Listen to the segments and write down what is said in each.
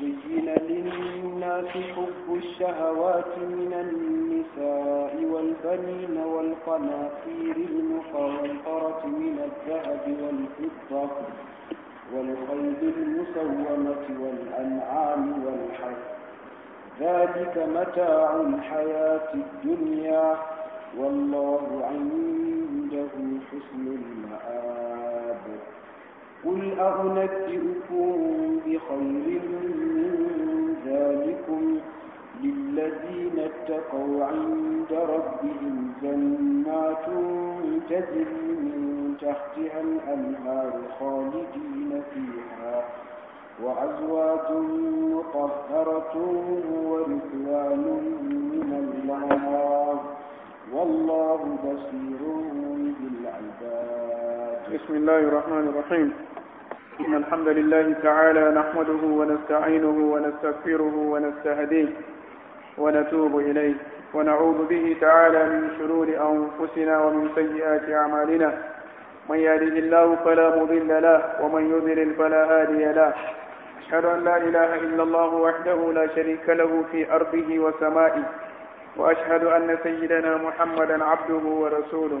زين للناس حب الشهوات من النساء والبنين والقناطير المقنطرة من الذهب والفضة والخيل المسومة والأنعام والحرث ذلك متاع الحياة الدنيا والله عنده حسن المآب قل أنبئكم بخير من ذلكم للذين اتقوا عند ربهم جنات تجري من تحتها الأنهار خالدين فيها وأزواج مطهرة ورضوان من الله والله بصير بالعباد بسم الله الرحمن الرحيم إن الحمد لله تعالى نحمده ونستعينه ونستغفره ونستهديه ونتوب إليه ونعوذ به تعالى من شرور أنفسنا ومن سيئات أعمالنا من يهده الله فلا مضل له ومن يضلل فلا هادي له أشهد أن لا إله إلا الله وحده لا شريك له في أرضه وسمائه وأشهد أن سيدنا محمدا عبده ورسوله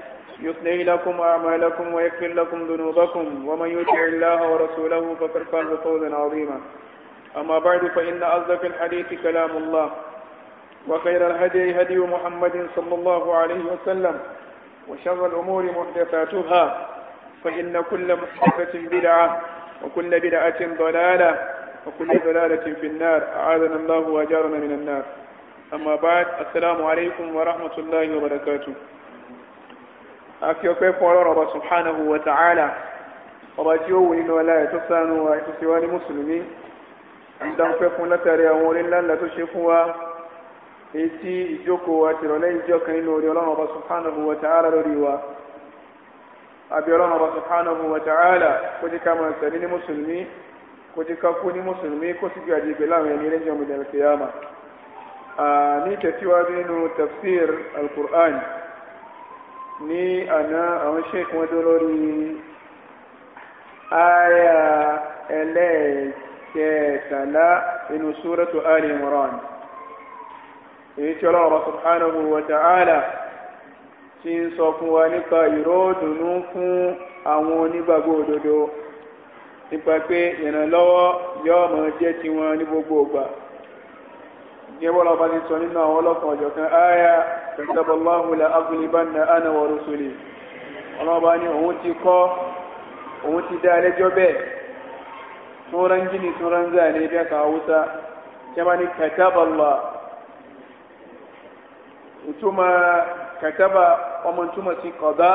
يصلح لكم أعمالكم ويغفر لكم ذنوبكم ومن يطع الله ورسوله فقد فاز فوزا عظيما أما بعد فإن أصدق الحديث كلام الله وخير الهدي هدي محمد صلى الله عليه وسلم وشر الأمور محدثاتها فإن كل محدثة بدعة وكل بدعة ضلالة وكل ضلالة في النار أعاذنا الله وأجارنا من النار أما بعد السلام عليكم ورحمة الله وبركاته àfi ọpẹ́ fún ọlọ́run ọba subhanahu wa ta'ala ọba tí ó wù nínú ọlá ẹ̀ tó ṣàánú wa ètò sí wa ní mùsùlùmí ìdánfẹ́ fún látàrí àwọn orí ńlá ńlá tó ṣe fún wa èyí tí ìjókòó àtìrọ̀lẹ́ ìjọ kan nínú orí ọlọ́run ọba subhanahu wa ta'ala lórí wa àbí ọlọ́run ọba subhanahu wa ta'ala kó ti ká máa sẹ̀mí ní mùsùlùmí kó ti ká kú ní mùsùlùmí kó sì gbé àdìgbè láwọn ẹni rẹ́jọ́ mùdàlùkìyàmà ní tẹ̀síwájú nínú tafsir al ní àná àwọn sheik wọn dúró lórí àyà ẹlẹ́ẹ̀kẹtàlá inú súrẹ́tù Ali èyí tí ọlọ́run subhanahu wa ta'ala ti ń sọ fún wa nípa ìròdùnú fún àwọn onígbàgbọ́ òdodo nípa pé ìrànlọ́wọ́ yóò máa jẹ́ tiwọn ní gbogbo يقول أبدي سننا ولكم وجوكا آية كتب الله لأغلبن أنا ورسلي ọlọ́ba ni òun ti kọ́ òun ti dá ẹlẹ́jọ́ bẹ́ẹ̀ tsoron gini tsoron zà ní ibi aka hausa kẹma ni kataballa ìtumọ̀ kataba ọmọ túmọ̀ sí kọ̀dá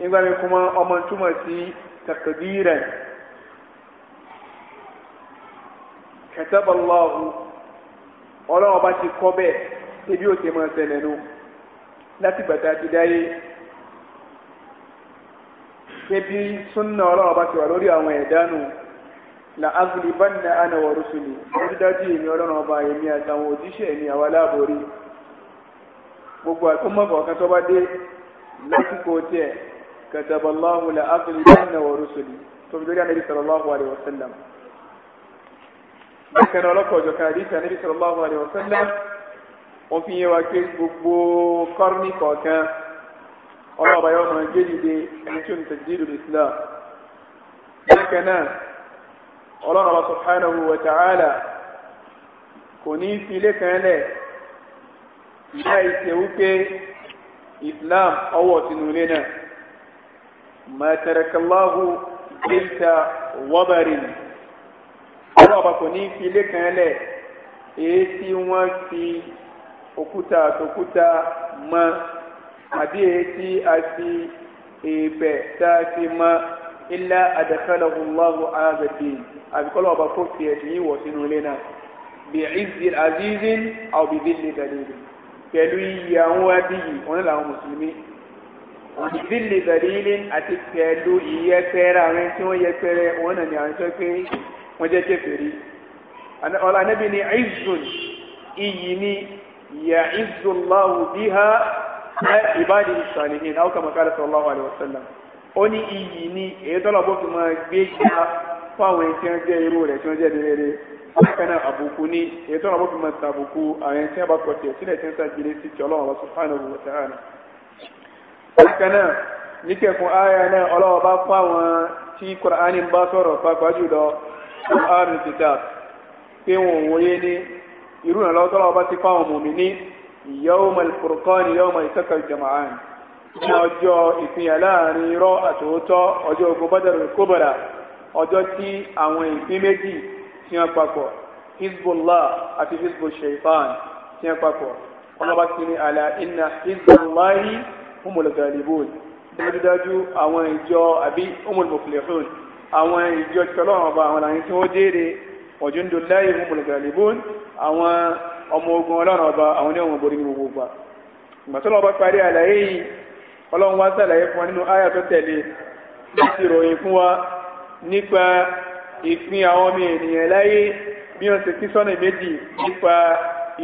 nígbà mi kuma ọmọ túmọ̀ sí takbiran kataballahu ọlọ́run ọba ti kọ́ bẹ́ẹ̀ ebi ò ti máa ṣẹlẹ̀ láti gbàtà ti dáyé ebi súnà ọlọ́run ọba ti wà lórí àwọn ẹ̀dá nù la aglibanna ana wa rusuli lórí dájú èmi ọlọ́run ọba èmi àtàwọn òjíṣẹ́ èmi láàbòrí gbogbo àtúmọ̀ tó كتب الله لأغلبن ورسلي تبدو النبي صلى الله عليه وسلم bákan ọlọ́kọ̀ ọ̀jọ̀kan àdíṣà níbi sallallahu alaihi wasallam wọ́n fi yẹ wa pé gbogbo kọ́rọ́nì kọ̀ọ̀kan ọlọ́ ọ̀bá yọ̀ọ̀mọ̀ ẹgbẹ́ dìde ẹni tí ó ní tajdidu islam bákan náà ọlọ́run ọba subhanahu wa ta'ala kò ní fi ilé kan lẹ̀ ìdá ìṣe wípé islam ọwọ́ tinú ilé náà ما ترك الله بنت وبر ọlọ́ọ̀bá kò ní fi ilé kan lẹ̀ èyí tí wọ́n fi òkúta àtòkúta mọ́ àbí èyí tí a fi èèbẹ̀ tá a fi mọ́ ilá àdàkálàhùnláhùn àgbẹ̀dì àbíkọ́lọ́ọ̀bá kò fi ẹ̀sìn yìí wọ̀ sínú ilé náà bí ìzì àzízín àbíbí lè dàdé pẹ̀lú iye àwọn adìyí wọn làwọn mùsùlùmí òdìdílì bẹ̀lílì àti pẹ̀lú ìyẹpẹrẹ àwọn tí wọ́n yẹpẹrẹ wọn náà ni àwọn tó pé wọ́n jẹ́ kèfèrí ọ̀la níbi ni ìzùn iyì ni yà ìzùnláwù bí ha ìbáàdì ìsàlìhìn náà kàmà kàlà sallallahu alaihi wasallam ó ní iyì ni èyí tọ́lọ̀ bó fi máa gbé ga fáwọn tí wọ́n jẹ́ irú rẹ̀ tí wọ́n jẹ́ rere bákanáà àbùkù ni èyí tọ́lọ̀ bó fi máa tàbùkù àwọn tí wọ́n sílẹ̀ tí wọ́n sàgbére sí ti ọlọ́run subhanahu wa ta'ala bákan náà na àyà náà ọlọ́wọ́ bá fún àwọn tí kùránì ń bá sọ̀rọ̀ pàápàá jùlọ kùránì títà pé ti fún àwọn mùmíní yawma furqan yawma ìtẹ́kọ̀ jama'an ní ọjọ́ ìpínyà láàrin irọ́ àtòótọ́ ọjọ́ ogun Badr al-Kubra ọjọ́ tí àwọn ìpín méjì tí hezbollah humul galibun dájúdájú àwọn ìjọ àbí humul muflihun àwọn ìjọ tọ́lọ́wọ́n ọba àwọn làyín tí wọ́n déédé ọ̀júndùláyé humul galibun àwọn ọmọ ogun ọlọ́run ọba àwọn ní ọmọ borí ní gbogbo gbà ìgbàtọ́lọ́ ọba parí àlàyé yìí ọlọ́run wá sàlàyé fún wa nínú àyà tó tẹ̀lé láti ròyìn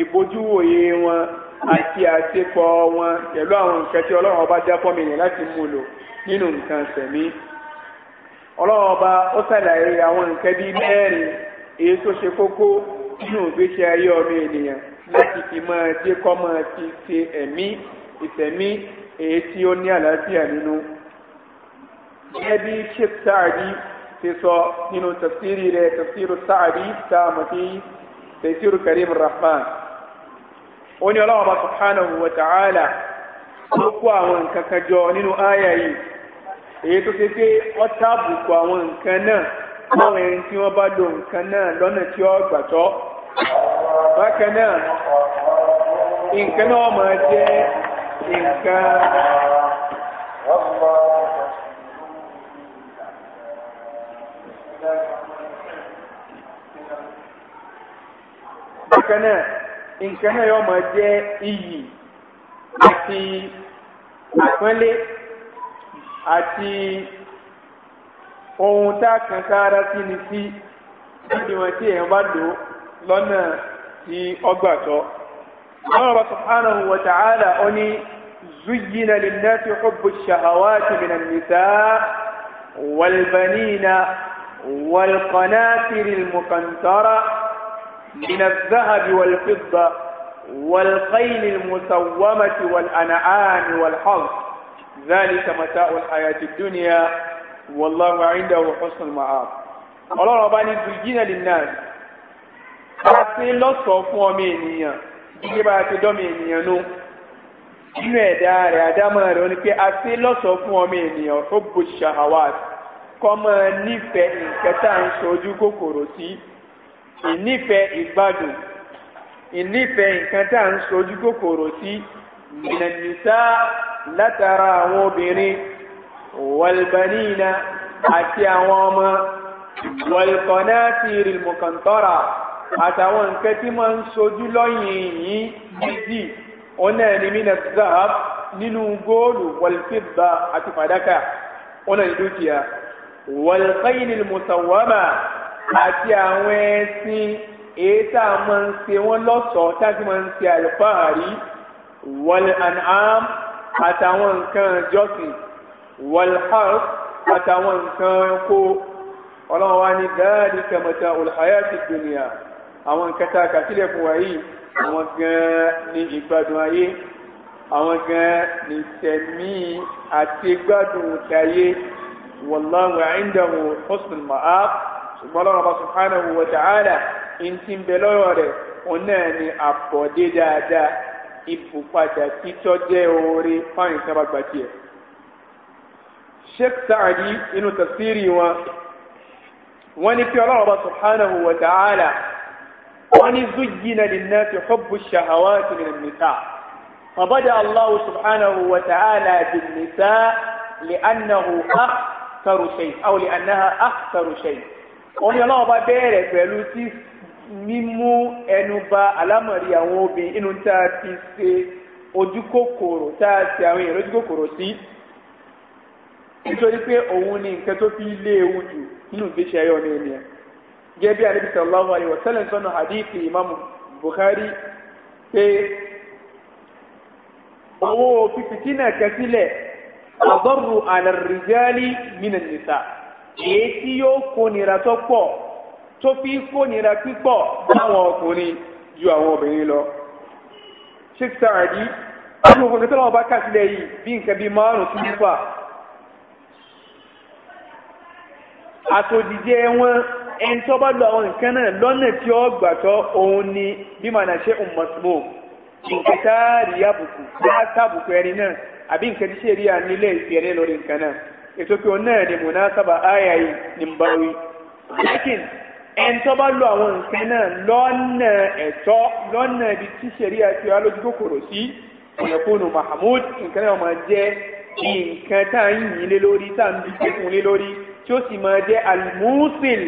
ìbójúwòye wọn àti àṣepọ̀ wọn pẹ̀lú àwọn nǹkan tí ọlọ́run ọba já fọ́mi yẹn láti mú lò nínú nǹkan sẹ̀mí ọlọ́run ọba ó ṣàlàyé àwọn nǹkan bíi mẹ́rin èyí tó ṣe kókó nínú ìgbésí ayé ọmọ ènìyàn láti fi máa dé kọ́ máa ti ṣe ẹ̀mí ìsẹ̀mí èyí tí ó ní àlàáfíà nínú ẹbí chip sáàdì ti sọ nínú tafsiri rẹ̀ tafsiru sáàdì tá a mọ̀ sí tafsiru karim rahman ó ní ọlọ́wọ́ bá subhanahu wa ta'ala ó kó àwọn nǹkan kan jọ nínú àyà yìí èyí tó ṣe pé wọ́n tábùkù àwọn nǹkan náà láwọn ẹni tí wọ́n bá lo nǹkan náà lọ́nà tí ó gbàtọ́ bákan nke ha yóò máa jẹ́ iyì àti àpẹ́lẹ́ àti ohun tá a kàn sára sí ni sí níbi wọn tí èèyàn bá lò lọ́nà tí ọgbà tọ́. Wọ́n rọ̀ subhanahu wa ta'ala ó ní زين للناس حب الشهوات من النساء walbanina والقناطر المقنطرة من الذهب والفضة والخيل المسومة والأنعام والحرث ذلك متاع الحياة الدنيا والله عنده حسن المآب الله رباني ní للناس. linnas a ti lọ́sọ̀ọ́ fún ọmọ ènìyàn gẹ́gẹ́ bá a ti dọ́mọ ènìyàn nú nínú ẹ̀dá rẹ̀ àdámọ́ rẹ̀ ni pé a ti fún ọmọ ènìyàn ó bu shahawat kọ́ nífẹ̀ẹ́ nǹkan ń sojú kòkòrò sí ìnífẹ̀ẹ́ ìgbádùn ìnífẹ̀ẹ́ nǹkan tá à ń sojú kòkòrò sí ìnànìsá látara àwọn obìnrin wàlbanina àti àwọn ọmọ wàlkọ̀nà ti rìlmùkàntọ́ra àtàwọn nǹkan tí máa ń sojú lọ́yìn yìí méjì ọ̀nà ẹni mínà zahab nínú góòlù àti àwọn ẹṣin èyí tá a máa ń ṣe wọ́n lọ́ṣọ̀ọ́ tá a ti máa ń ṣe àlùfáàrí wọlé anam àtàwọn nǹkan jọ́sìn wọlé harf àtàwọn nǹkan kó ọlọ́run wa ní dáàdì kẹmọ̀tà olùhayàtì dùnìyà àwọn nǹkan tá fún wa yìí àwọn gan ni ìgbádùn ayé àwọn gan ni tẹ̀mí àti gbádùn tayé wọláwà ìdáhùn husnul ma'ab ṣùgbọ́n lọ́wọ́ bá subhanahu wa ta'ala ń ti ń bẹ lọ́rọ̀ rẹ̀ òun náà ni àpọ̀dé dáadáa ìfòpadà títọ́ jẹ́ oore fáwọn ìsábà gbà tiẹ̀. sheikh sa'adi inú tafsiri wọn wọ́n ní kí ọlọ́wọ́ bá subhanahu wa ta'ala wọ́n ní zujjina linnati hubbu shahawati min an-nisa فبدأ الله سبحانه وتعالى بالنساء لأنه أخطر شيء أو لأنها أخطر شيء wọ́n ní ọlọ́wọ́ bá bẹ̀rẹ̀ pẹ̀lú tí mímú ẹnu ba alámọ̀rí àwọn obìnrin inú tá a ti ṣe ojú kòkòrò tá a ṣe àwọn èèyàn lójú kòkòrò sí nítorí pé òun ni nǹkan tó fi lé ewu jù nínú ìgbésí ayé ọ̀nà ènìyàn gẹ́gẹ́ bí alẹ́ bisọ̀ lọ́wọ́ ayé wọ̀sẹ́lẹ̀ sọ́nà hadith imam bukhari pé owó fífitínà kẹsílẹ̀ àbọ̀rù àlàrìjálì mìnà nìsáà èyí tí yóò kó nira tó pọ̀ tó fi kó nira pípọ̀ láwọn ọkùnrin ju àwọn obìnrin lọ sheikh saadi ọdún òkùnkùn tó lọ́wọ́ bá kàṣílẹ̀ yìí bí nǹkan bíi márùn sí nípa àtòjìjẹ wọn ẹni tó bá lọ àwọn nǹkan náà lọ́nà tí ó gbàtọ́ òun ni bí màá ṣe ọmọsùmọ́ nǹkan tá a rí àbùkù tá a sábùkù ẹni náà àbí nǹkan tí ṣe rí à nílé ìfẹ́ lórí nǹkan náà ètò pé òun náà ni mùnásábà àyà yìí ni ń bá wí lakin ẹn tó bá lo àwọn nǹkan náà lọ́nà ẹ̀tọ́ lọ́nà ibi tí ṣẹ̀rí àti alójú kòkòrò sí ọ̀yẹ̀kùnù mahamud nǹkan náà máa jẹ́ nǹkan tá à ń yìn lé lórí tá à ń bí kékun lé lórí tí ó sì máa jẹ́ alimusil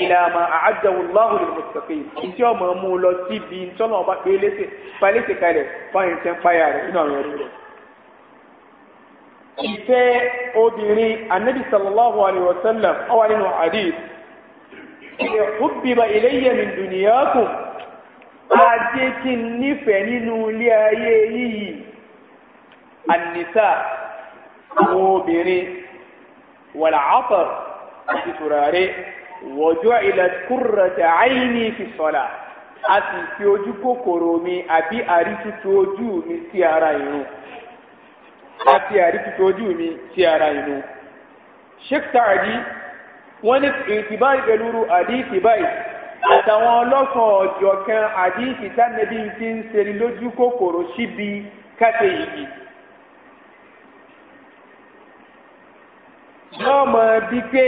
ìlànà àjẹwòláhùn ìmùsùlùmí tí ó máa mú lọ síbi tọ́nà ọba pé lẹ́sẹ̀ kalẹ̀ fáyìntẹ́ fáyà rẹ̀ nínú àwọn ẹ̀rí rẹ̀ ìfẹ́ obìnrin anabi sallallahu alayhi wa sallam ọwà nínú hadith ilẹ̀ hubbiba ilayya min duniyakum ajé kí n nífẹ̀ẹ́ nínú ilé ayé yìí annisa àwọn obìnrin wàlá afar àti turare wọ́jọ́ ilẹ̀ kúrọ̀tà àìní fi sọ́la a sì fi ojú kòkòrò mi àbí àrítútù ojú mi sí ara ìrun àti àríkìtì ojú mi sí ara inú sheikh saadi wọ́n ní ìtìbá ìgbẹ̀lúru àdíìtì báyìí àtàwọn ọlọ́sàn ọ̀jọ̀ kan àdíìtì tánẹ́bí ti ń ṣe lójú kòkòrò síbi káṣe yìí yóò mọ bí pé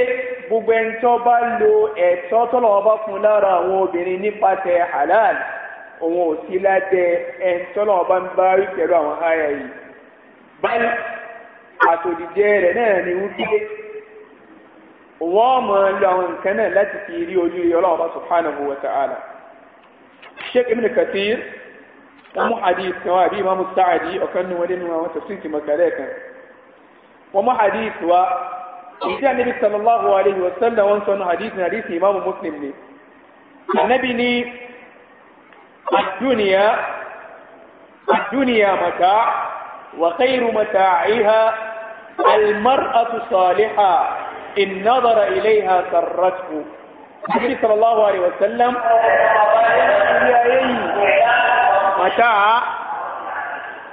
gbogbo ẹni tó bá lo ẹ̀tọ́ tọ́lọ̀ wọn fún lára àwọn obìnrin nípasẹ̀ halal òun ò sí lábẹ́ ẹni tọ́lọ̀ wọn ń bá rí pẹ̀lú àwọn háyà yìí bẹ́ẹ̀ àtòdìjẹ rẹ̀ náà ni wípé wọ́n mọ̀ ń lo àwọn nǹkan náà láti fi rí ojú rí ọlọ́run bá subhanahu wa ta'ala sheikh ibn kathir wọ́n mú hadith kan wá àbí imam sa'adi ọ̀kan nu wọlé nu àwọn tafsir ti makalẹ̀ kan wọ́n mú hadith wa ìdí ànábi sallallahu alayhi wa sallam wọ́n sọ nu hadith ní hadith imam muslim ni ànábi ni الدنيا الدنيا متاع وخير متاعها المرأة صالحة إن نظر إليها سرته النبي صلى الله عليه وسلم متاع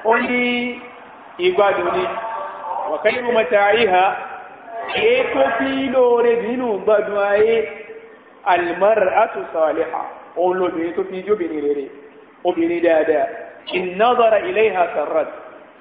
قولي إيقادوني وخير متاعها إيكو في لور دينو بدوائي المرأة صالحة قولوا بيتو في جبني لري وبني دادا إن نظر إليها سرته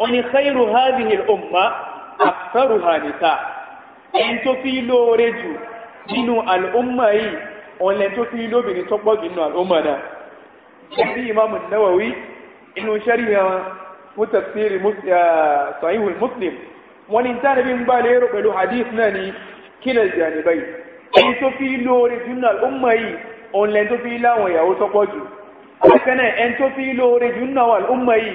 wọ́n ní khairu hadhihi al-umma aktharuha nisa ẹni tó fi lóore jù nínú al-umma yìí wọ́n lẹ́ni tó fi lóbìnrin tó pọ̀ jù nínú al-umma náà ẹni ìmáàmù Nawawi inú sẹ́ríyà mutafsiri eh, sahihul muslim wọ́n ní tánà bí ń bá lérò pẹ̀lú hadith náà ni kílẹ̀ jàníbáyì ẹni tó fi lóore jù nínú al-umma yìí wọ́n lẹ́ni tó fi láwọn ìyàwó tó pọ̀ jù ẹni tó fi lóore jù nínú al-umma yìí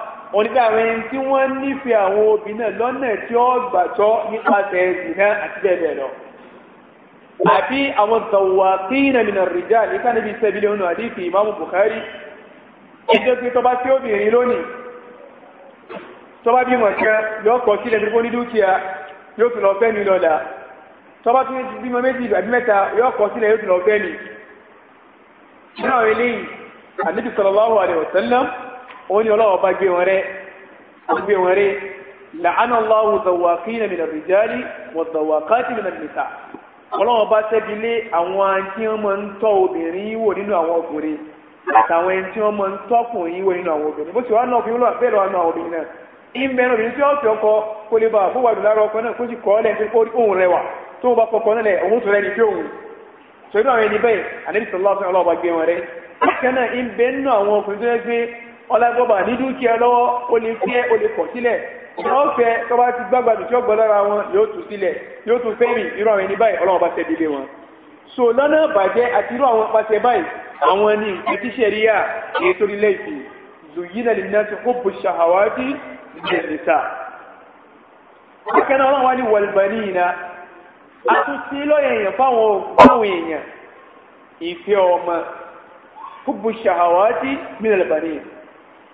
oníkà àwọn ẹni tí wọ́n nífẹ̀ẹ́ àwọn obìnrin náà lọ́nà tí ó gbàtọ́ nípasẹ̀ ẹ̀sìn náà àti bẹ́ẹ̀ bẹ́ẹ̀ lọ. àbí àwọn zawwaqina minar rijal nípa níbi iṣẹ́ ìbílẹ̀ ọ̀nà àdìsí ìmáàmù Bukhari ẹjọ́ pé tọ́ba tí obìnrin lónìí tọ́ba bímọ kan yóò kọ sílẹ̀ nípa ní dúkìá ó ní ọlọ́wọ́ bá gbé wọn rẹ́ ó gbé la'ana Allahu zawaqina min ar-rijali wa zawaqati min an-nisa ọlọ́wọ́ bá sẹ́bi lé àwọn tí wọ́n máa ń tọ́ obìnrin wò nínú àwọn ọkùnrin àtàwọn ẹni tí wọ́n máa ń tọ́kùnrin wò nínú àwọn obìnrin bó sì ọkọ ohun ọlágbọ́bà ní dúkìá lọ́wọ́ ó lè fi ẹ́ ó lè kọ̀ sílẹ̀ wọ́n fẹ́ tó bá ti gbàgbàdù tí ó gbọ́ lára wọn yóò tún sílẹ̀ yóò tún fẹ́rì irú àwọn ẹni báyìí ọlọ́run bá tẹ́ délé wọn so lọ́nà bàjẹ́ àti irú àwọn pàṣẹ báyìí àwọn ní ìtí ṣẹ̀ríyà èyí tó lílẹ̀ ìsìn zùyínà lè náà ti kó bu ṣàhàwádì jẹ̀nìta akẹ́nà ọlọ́run wá ní wọ̀lbàní iná a tún sí lọ́yẹ̀ èèyàn fáwọn èèyàn ìfẹ́ ọmọ kó bu ṣàhàwádì mìíràn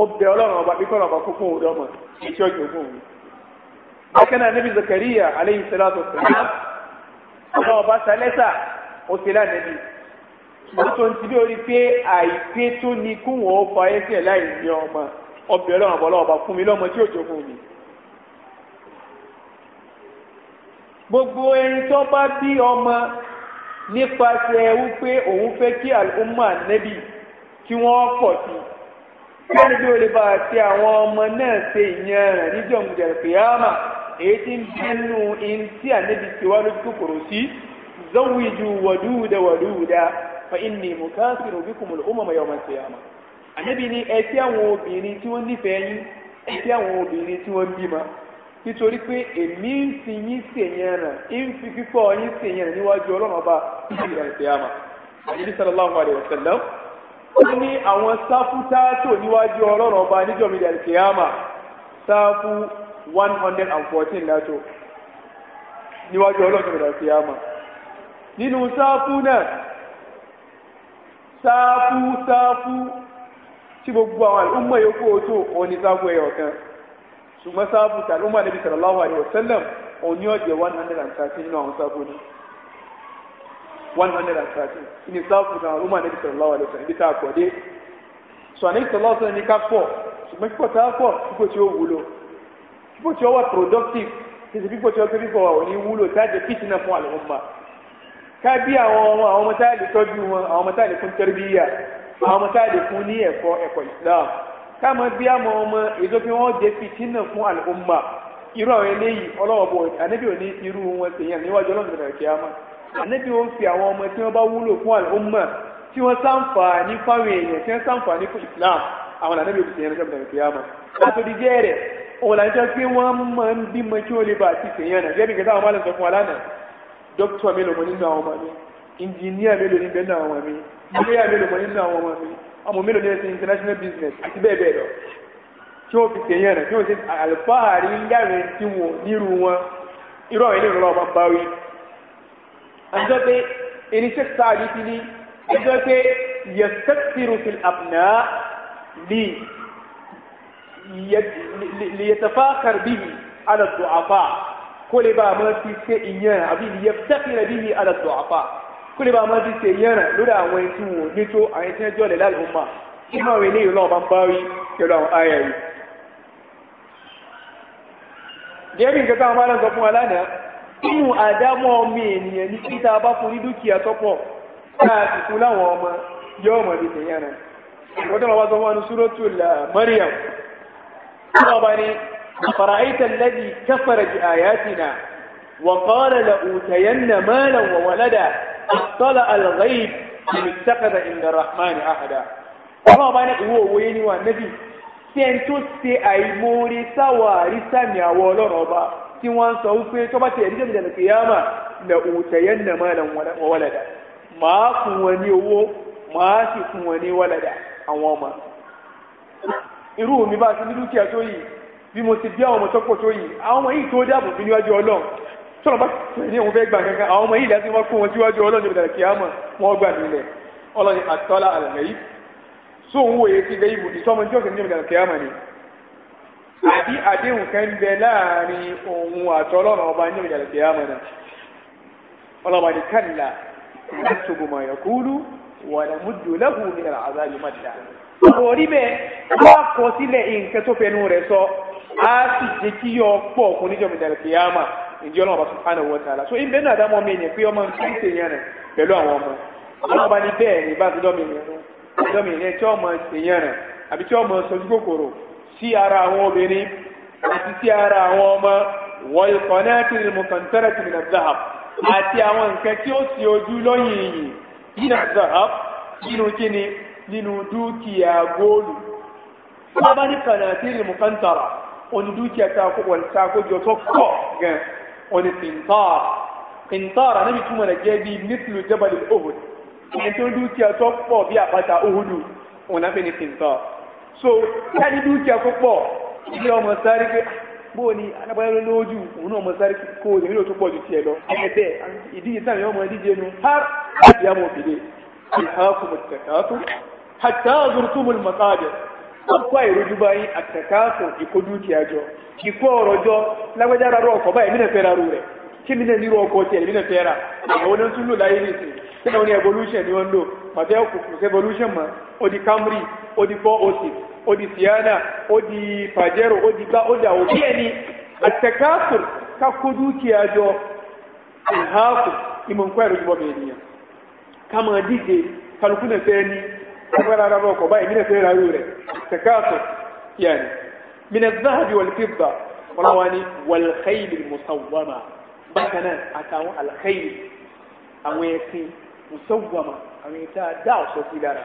ó bẹ ọlọ́run ọba bí kọ́lọ̀ ọba kó fún òun lọ́mọ ìṣe ọjọ́ fún òun. bákan náà níbi Zakariya aleyhi salatu salam ọmọ ọba sálẹ́sà òṣèlú ànẹ́bí wọ́n tó ń ti bí orí pé àìpé tó ní kú wọn ó fa ẹsẹ̀ láì ní ọmọ ọbẹ̀ ọlọ́run ọba ọlọ́ọ̀ba fún mi lọ́mọ tí òjò fún mi. gbogbo ẹni tó bá bí ọmọ nípasẹ̀ wípé òun fẹ́ kí àlùmọ́ ànẹ́bí kí wọ́n pọ̀ sí i kílẹ̀ níbi olè bá àti àwọn ọmọ náà ṣe ìyẹn rẹ̀ níjọ́ ǹjẹ̀ kìyàmà èyí tí ń bínú in tí ànábi ti wá lójú kòkòrò sí zawiju wàdúùdà wàdúùdà fa inni mukasiru bikum al-umama yawm al-qiyamah ànábi ni ẹ tí àwọn obìnrin tí wọ́n nífẹ̀ẹ́ yín ẹ tí àwọn obìnrin tí wọ́n bímọ nítorí pé èmi ń fi yín ṣèyẹn rẹ̀ ń fi fífọ́ yín ṣèyẹn rẹ̀ níwájú ọlọ́run ọba ìgbà ìṣẹ́yàmà ànábi sallallahu ó ní àwọn sáfù táàtò níwájú ọlọ́run ọba níjọ́ mi dàrí kìyàmà sáfù one hundred and fourteen láàtò níwájú ọlọ́run mi dàrí kìyàmà nínú sáfù náà sáfù sáfù tí gbogbo àwọn àlùmọ̀ yòókù tó òní sáfù ẹ̀yọ̀ kan ṣùgbọ́n sáfù tàlùmọ̀ níbi sallallahu alaihi wasallam òní ọ̀jẹ̀ one hundred and thirteen nínú àwọn sáfù náà. 113 ní sáfù náà ọmọ anabi sallallahu alaihi wasallam ibi tá a pọ̀ dé so anabi sallallahu alaihi wasallam ní ká pọ̀ ṣùgbọ́n pípọ̀ tá a pọ̀ pípọ̀ tí ó wúlò pípọ̀ productive títí pípọ̀ tí ó kéré pọ̀ wà ò ní wúlò tá a jẹ pìtì náà fún àlùmọ́ ma ká bí àwọn ọmọ àwọn ọmọ tá a lè tọ́jú wọn àwọn ọmọ tá a lè fún tẹ́rẹ́bíyà àwọn ọmọ tá a lè fún ní ẹ̀kọ́ ẹ̀kọ́ Islam ká mọ bí àwọn ọmọ èso fi wọn jẹ pìtì náà fún àlùmọ́ irú àwọn eléyìí ọlọ́wọ́ bọ̀ ànábì òní ànábì wọn fi àwọn ọmọ tí wọn bá wúlò fún àlùmọ tí wọn ṣàǹfààní fáwọn èèyàn tí wọn ṣàǹfààní fún islam àwọn ànábì òkùnkùn yẹn lọ́jọ́ ìgbàlódé yàmà láti di díẹ̀ rẹ̀ òun làǹtí pé wọ́n máa ń bímọ tí ó lè bá àti ìsèyàn náà lẹ́nu ìgbésẹ̀ àwọn máa ń sọ fún wa lánàá dókítà mélòó mo nínú àwọn ọmọ mi ìnjìníà mélòó ní bẹ́ẹ̀ nínú àwọn ọmọ mi mọ́lẹ́yà mélòó mo international business àti bẹ́ẹ̀ bẹ́ẹ̀ lọ tí ó fi sèyàn náà tí ó ṣe àlùfáàrí ń yàrin tí wọn nírú wọn irú àwọn ilé ìrọ̀lọ́ ọmọ báwí ẹjọ́ pé irinṣẹ́ sáàrí ti ní ẹjọ́ pé yẹ̀sẹ̀sìrù fi àpùnà ní liyatafakar bihi ala du'afa kó lè bá máa ti ṣe ìyẹn àbí liyatafira bihi ala du'afa kó lè bá máa ti ṣe ìyẹn lórí àwọn ẹtù wọn ní tó àwọn nínú àdámọ́ ọmọ ènìyàn ní kí tá a bá fún ní dúkìá tó pọ̀ káàkiri fún láwọn ọmọ yóò mọ̀ ní tèèyàn náà ìgbọ́dọ̀ wá sọ wọn súrọ́tù la Maryam wọ́n bá ní فرأيت الذي كفر بآياتنا وقال لأوتين مالا وولدا اطلع الغيب أم اتخذ عند الرحمن عهدا wọ́n bá ní ìwọ òwòye ni wà nẹ́bí tí ẹni tó ṣe àìmórí sáwàárí sàmì àwọ̀ ọlọ́run ọba tí wọ́n sọ wípé tó bá ti ẹ̀rí jẹ́mi dànù kìyàmà lẹ̀ òtẹ̀yẹ́ nà máa lẹ̀ wọ́lẹ̀dà máa fún wọn ní owó máa sì fún wọn ní wọ́lẹ̀dà àwọn ọmọ irú mi bá ti ní dúkìá tó yìí bí mo ti bí àwọn ọmọ tọ́pọ̀ tó yìí àwọn ọmọ yìí tó dáàbò bí níwájú ọlọ́run tọ́nà bá ní ti ní àbí àdéhùn kan bẹ láàrin òun àtọ́lọ́run ọba ní ìjàlẹ̀ kìí àmọ́ náà ọlọ́ba ní kàlà látóbù mọ̀ yẹ̀kúlù wà ní múdù lẹ́hùn ní àzáyé mọ́tà orí bẹ́ẹ̀ wá kọ sílẹ̀ nǹkan tó fẹnu rẹ̀ sọ á sì jẹ́ kí yọ pọ̀ kún níjọ́ ìjàlẹ̀ kìí àmọ́ ìdí ọlọ́ba subhanahu wa ta'ala so ìbẹ́ náà dámọ́ mi ni pé ọmọ bá ti dọ́mi àbí tí ọmọ sojú kòkòrò sí ara àwọn obìnrin àti sí ara àwọn ọmọ wọ́n ikọ̀ náà ti rìn mùkàntẹ́rẹ̀ tì nà zahab àti àwọn nǹkan tí ó sì ojú lọ́yìn yìí nínà zahab nínú kíni nínú dúkìá góòlù tí wọ́n bá ní kànáà tí rìn mùkàntẹ́rẹ̀ òní dúkìá tá a kó jọ tó pọ̀ gan òní pìntàrà pìntàrà níbi túmọ̀ rẹ̀ jẹ́ bí nítorí jẹ́bàlì òhùn ẹni tó dúkìá tó pọ̀ bí àpáta òhùn òun náà fi ní so ẹni dúkìá púpọ̀ ilé ọmọ sáré pé ah, bóò ni alábàárẹ̀ lójú òun náà ọmọ sáré kó o nílò tó pọ̀ ju tiẹ̀ lọ ẹ̀ẹ́dẹ́ ìdí ìsàmì ọmọ díje nu har láti àmọ́ òfìdè ìhàkùn mọ̀tẹ̀kàkùn hàtà àzùrùtùmùl mọ̀tàdẹ̀ ó kọ́ ìrójú báyìí àtẹ̀kàkùn ìkó dúkìá jọ ìkó ọ̀rọ̀ jọ lágbájá rárá ọkọ̀ báyìí mí kíni náà nírú ọkọ̀ tí ẹ̀lẹ́mínà fẹ́ra àwọn oní tún lò láyé ní ìsìn tí náà ní evolution ni wọ́n lò pàtẹ́ ọkùnkùn evolution ma ó di Camry ó di 406 ó di sienna ó di pajero ó di gbá ó di àwọn bíi ẹni àtẹkáfùr ká kó dúkìá jọ ìhàkù ìmọ̀ nǹkan ẹ̀rọ ìbọn bẹ̀rẹ̀ nìyẹn ká máa díje kálukú náà fẹ́ ní agbára ara ọkọ̀ báyìí mínà fẹ́ ráyò rẹ̀ àtẹkáfùr yẹni mínà záhàbì wàlfíbà wọn wá ní musawwama bákan náà àtàwọn àlxẹ́yìlì àwọn ẹ̀sìn musawwama àwọn ẹ̀sìn àdá ọ̀sọ̀ sí lára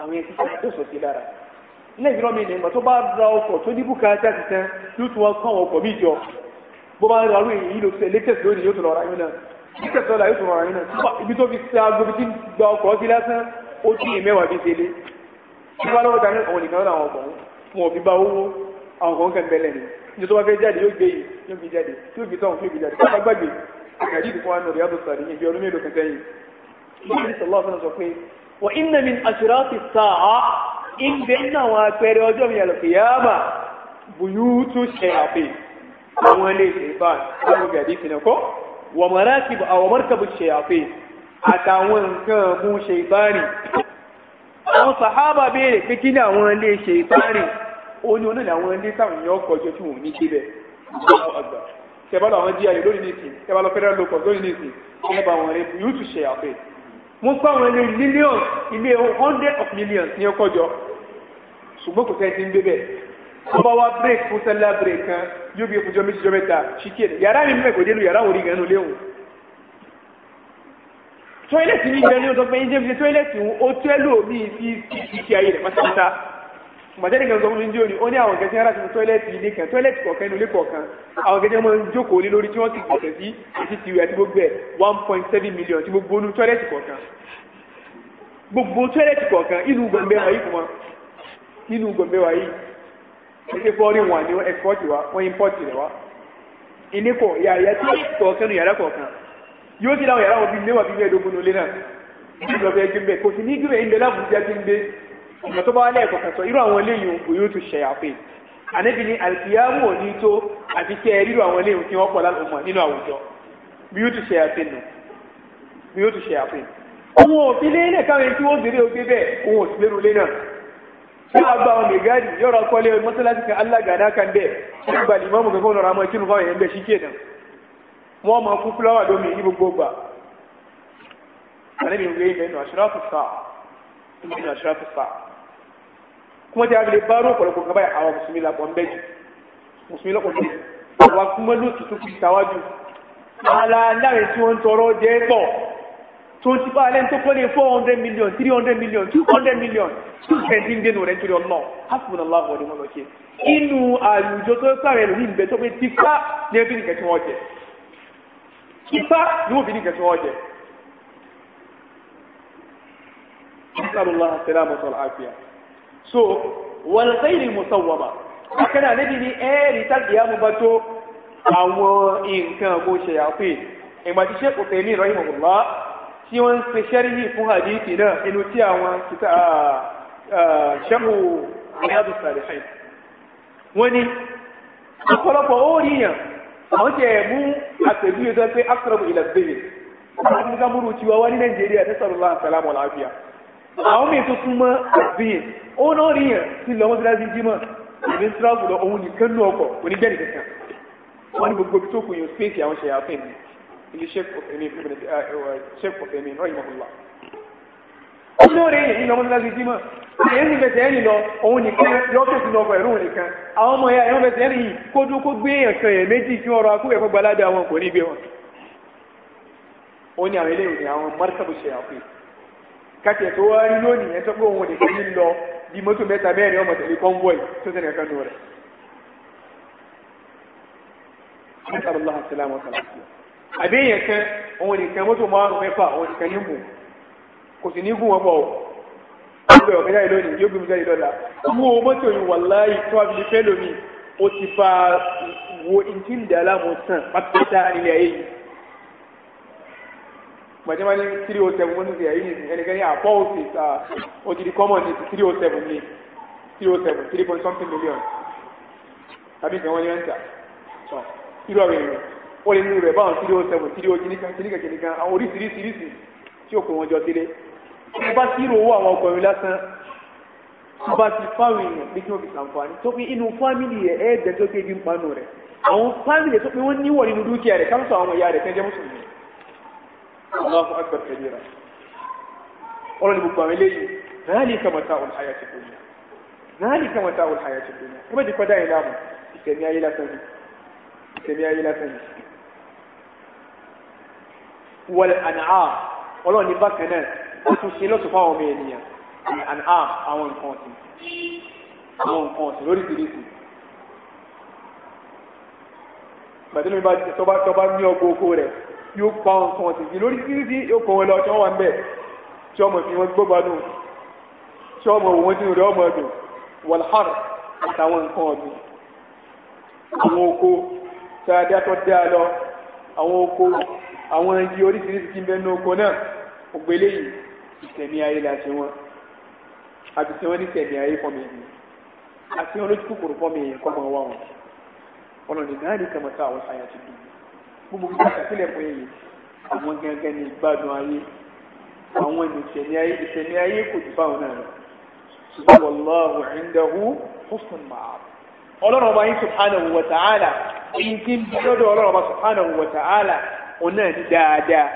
àwọn ẹ̀sìn àdá ọ̀sọ̀ sí lára lẹ́yìnrọ́ mi nìyàn tó bá ra ọkọ̀ tó ní bùkátà ti tán yóò tún wọn kọ́ àwọn ọkọ̀ míjọ bó bá ń ra lóyìn yìí ló fi latest lónìí yóò tún lọ ra yín tó fi fẹ́ jáde yóò gbé yìí yóò fi jáde yóò fi tọ́hún yóò fi jáde káfá gbàgbé àkàdé ìdìbò wa nọ̀rọ̀ yàtọ̀ sàrí ibi ọdún mélòó kan sẹ́yìn ìgbẹ́ náà wọn apẹẹrẹ ọjọ́ mi yàlọ̀ kìyàmà buyútu ṣẹ̀yàfẹ́ àwọn ilé ìṣẹ̀fà láwọn gàdí ìfìnàkọ́ wọ mọ̀rákì àwọn mọ́rkàbù ṣẹ̀yàfẹ́ àtàwọn nǹkan mú ṣe ìbárì àwọn sàhábà béèrè pé kí ní àwọn ilé ṣe ìbárì ó ní onílẹ̀ àwọn ilé táwọn èèyàn kọjọ tí wọn ní síbẹ̀ tẹ́bá lọ àwọn jíyà lórí nìsín wọ́n kọ́ àwọn ilé millions ilé hundred of millions ní ọkọ̀ jọ ṣùgbọ́n kò sẹ́ńtì ń bébẹ̀ ọba wa break fún sẹ́lá break kan yóò bí ìfúnjọ méjìjọ mẹ́ta ṣíkì ẹ̀ yàrá mi mẹ́kò dénú yàrá orí gan ló léwu tọ́ílẹ̀tì ní ìgbẹ́ ní ọdọ́ pé ń jẹ́ bí tọ́ílẹ̀tì ó tẹ́lò ní ìfi ìfi ayé rẹ̀ pátápátá mọ̀tẹ́ nìkan sọ fún mi jóni ó ní àwọn kẹsí ara tuntun tọ́ílẹ̀tì ilé kan tọ́ílẹ̀tì kọ̀ọ̀kan inú ilé kọ̀ọ̀kan àwọn kẹsí ọmọ jókòó lé lórí tí wọ́n ti pọ̀tẹ̀ sí àti tiwẹ̀ àti gbogbo ẹ̀ one point seven million ti gbogbo onú tọ́ílẹ̀tì kọ̀ọ̀kan gbogbo tọ́ílẹ̀tì kọ̀ọ̀kan inú gbọ̀ngbẹ́ wáyé fún wọn inú gbọ̀ngbẹ́ wáyé ẹgbẹ́ fọ́ọ̀rì wà ní ẹ̀kọ́tì wa wọ́n import rẹ̀ wá ilé kọ̀ yàrá kọ̀ọ̀kan yàrá kọ̀ọ̀kan yóò ti láwọn yàrá wọn bíi mẹ́wàá bíi mẹ́ẹ̀ẹ́dógún nulẹ̀ náà ìjọba ẹgbẹ́ kò sí ní gbẹ̀mẹ̀ ìgbẹ́ lábùjá ti ń gbé ọ̀nà tó bá wá lẹ́ẹ̀kọ́ kan sọ irú àwọn eléyìí òyìn tó ṣẹ̀yà pé ànábì ní àlùkìyàmù ò ní tó àti kí ẹ rírò àwọn eléyìí kí wọ́n pọ̀ lálùmọ̀ nínú àwùjọ bí yóò tó ṣẹ̀yà pé nù bí yóò tó ṣẹ̀yà pé òun ò fi lélẹ̀ káwọn tí wọ́n bèrè ògbé bẹ́ẹ̀ òun ò sì lérò lé náà tí wọ́n gba ọmọ ìgáàdì yọ̀rọ̀ kọ́lé mọ́sálásí kan alágàdá kan bẹ́ẹ̀ wọ́n gba ìmọ̀mù kankan lọ́rọ̀ àmọ́ ìkírun fáwọn èèyàn bẹ́ẹ̀ sí kéèdàn wọ́n máa fún fúláwà lómi ní gbogbo gbà àníbi tí wọ́n ti agilé bárò ọ̀pọ̀lọpọ̀ kan báyìí àwọn mùsùlùmí làpọ̀ ń bẹ́ jù mùsùlùmí lọ́pọ̀ jù àwọn akúmọ́lù tuntun fi tàwájú ala láàrin tí wọ́n ń toro jẹ́ pọ̀ tó ti bá alẹ́ tó kọ́lé four hundred million three hundred million two hundred million two twenty ń dénú rẹ̀ nítorí ọlọ́ hafun allah wọlé wọn lọ ṣe inú àlùjọ tó sáré lórí ìgbẹ tó pé tipa ní ebi nìkan tí wọ́n jẹ tipa ní òbí nìkan tí wọ́n jẹ. Nígbà tó lọ́wọ́ so wal khayri musawwama akana nabi ni eh ri tal qiyamu bato àwọn nǹkan ko se yape e ma ti se ko te ni rahimahullah tí wọ́n ṣe sharhi fún hadithi náà inú tí àwọn kita shamu riyadu salihin wọ́n ní ọ̀pọ̀lọpọ̀ ó ríyàn àwọn jẹ́ ẹ̀mú àtẹ̀bí ẹ̀dọ́ pé akọ̀rọ̀mù ilẹ̀ bèèrè àwọn mìí tó kún mọ́ àfihàn ó náà rí yàn sí lọ mọ́sílá sí jímọ̀ ìbí sírọ́ọ̀bù lọ òun nìkan ní ọkọ̀ oníjẹ́rì kankan wọ́n ní gbogbo tó kù yóò spéèsì àwọn ṣẹ̀yà fẹ́ mi ilé sheikh of emin rọ́yìn mọ́kànlá ó náà rí yàn sí lọ mọ́sílá sí jímọ̀ èyí ń bẹ̀tẹ̀ ẹni lọ òun nìkan yọ́kẹ̀ sí lọ́kọ̀ ẹ̀rùn nìkan àwọn ọmọ ya ẹ̀rùn bẹ̀tẹ̀ ẹni yìí kó dúró kó gbé èèyàn kan èèyàn méjì kí wọ́n rọ akú ẹ̀kọ́ gbaládà wọn kò ní gbé wọn ó ní àwọn eléyìí àwọn mọ́tàbù ṣe àfihàn kátìẹ̀ tó wá rí lónìí ẹ̀ tó pé òun ò lè fi ní lọ bí mọ́tò mẹ́ta mẹ́rin ọmọ tẹ̀lé kọ́ńbọ̀ì tó sẹ́ni ẹ̀ka nù rẹ̀. nítorí allah asalaamu alaykum àbí èèyàn kan òun nìkan mọ́tò márùn mẹ́fà òun nìkan ní mú kò sì ní gùn wọn bọ̀ ọ́ ọgbẹ́ ọ̀gbẹ́ jáde lónìí yóò gbé mi jáde lọ́la mú o mọ́tò yìí wàláyì tó wà fi fẹ́ lómi ó ti fa wo ìtìndàlámù sàn pátá nílẹ̀ ayé yìí gbàjẹ́ máa ní three oh seven wọ́n ti ẹ̀yìn nìsín ẹnikẹ́ni àpọ̀ òsì òjìdí common ní three oh seven ní three oh seven three point something million tàbí ìgbà wọn ní ẹ̀ńtà sọ irú ọ̀rọ̀ èèyàn ó lè nínú rẹ̀ báwọn three oh seven three oh kìnìkan kìnìkan kìnìkan ah, oríṣiríṣiríṣi tí ó kó wọn jọ délé ẹ bá sí ìrò owó àwọn ọkùnrin lásán tó bá ti fáwọn èèyàn pé kí wọ́n fi sàǹfààní tó pé inú fámìlì ẹ̀ ẹ̀ẹ́dẹ̀ tó pé ibi ń panu rẹ̀ àwọn fámìlì tó pé wọ́n níwọ̀ nínú dúkìá rẹ̀ káńtọ̀ àwọn ìyá rẹ̀ tẹ́jẹ́ mùsùlùmí Allahu akbar kabira ọ̀rọ̀ ni gbogbo àwọn eléyìí zalika mata'ul hayatid dunya zalika mata'ul hayatid dunya ẹ méjì kọjá yìí láàmú ìtẹ̀mí ayé lásán ni ìtẹ̀mí ayé lásán ni. wal an'am ọlọ́run ní bákan náà ó tún ṣe lọ́tún fáwọn ọmọ ènìyàn an'am àwọn nǹkan ọ̀sìn àwọn nǹkan ọ̀sìn lórí ìdílé gbàdúrà mi bá tọ́ba ní ọgbọ́n oko rẹ̀ yóò pa ohun tí wọ́n ti fi lórí títí tí yóò kó wọn lọ tí wọ́n wà ń bẹ̀ tí ọmọ fi wọn gbógbádùn tí ọmọ òun tí rẹ̀ ọmọ ọdún wàlhàr àtàwọn nǹkan ọdún àwọn oko tí a dá tó dá lọ àwọn oko àwọn igi oríṣiríṣi tí ń bẹnu oko náà ògbélé yìí ìtẹ̀mí ayé la ṣe wọn àti tí wọ́n ní tẹ̀mí ayé fọmọ èyí àti wọn lójú kòkòrò fọmọ èyí kọ́mọ wọn ọ̀nà nìkan ní kàmọ́tà àwọn sáyẹn ti dùn gbogbo bí wọ́n sílẹ̀ fún yẹn àwọn gẹ́gẹ́ ní ìgbádùn ayé àwọn ìṣẹ̀lẹ̀ ayé ìṣẹ̀lẹ̀ ayé kò jù báwọn náà lọ ṣùgbọ́n wàlláhu ẹ̀ńdẹ̀hu fúnfún màá ọlọ́run ọba yín subhanahu wa ta'ala èyí tí ń bí lọ́dọ̀ ọlọ́run ọba subhanahu wa ta'ala òun náà ní dáadáa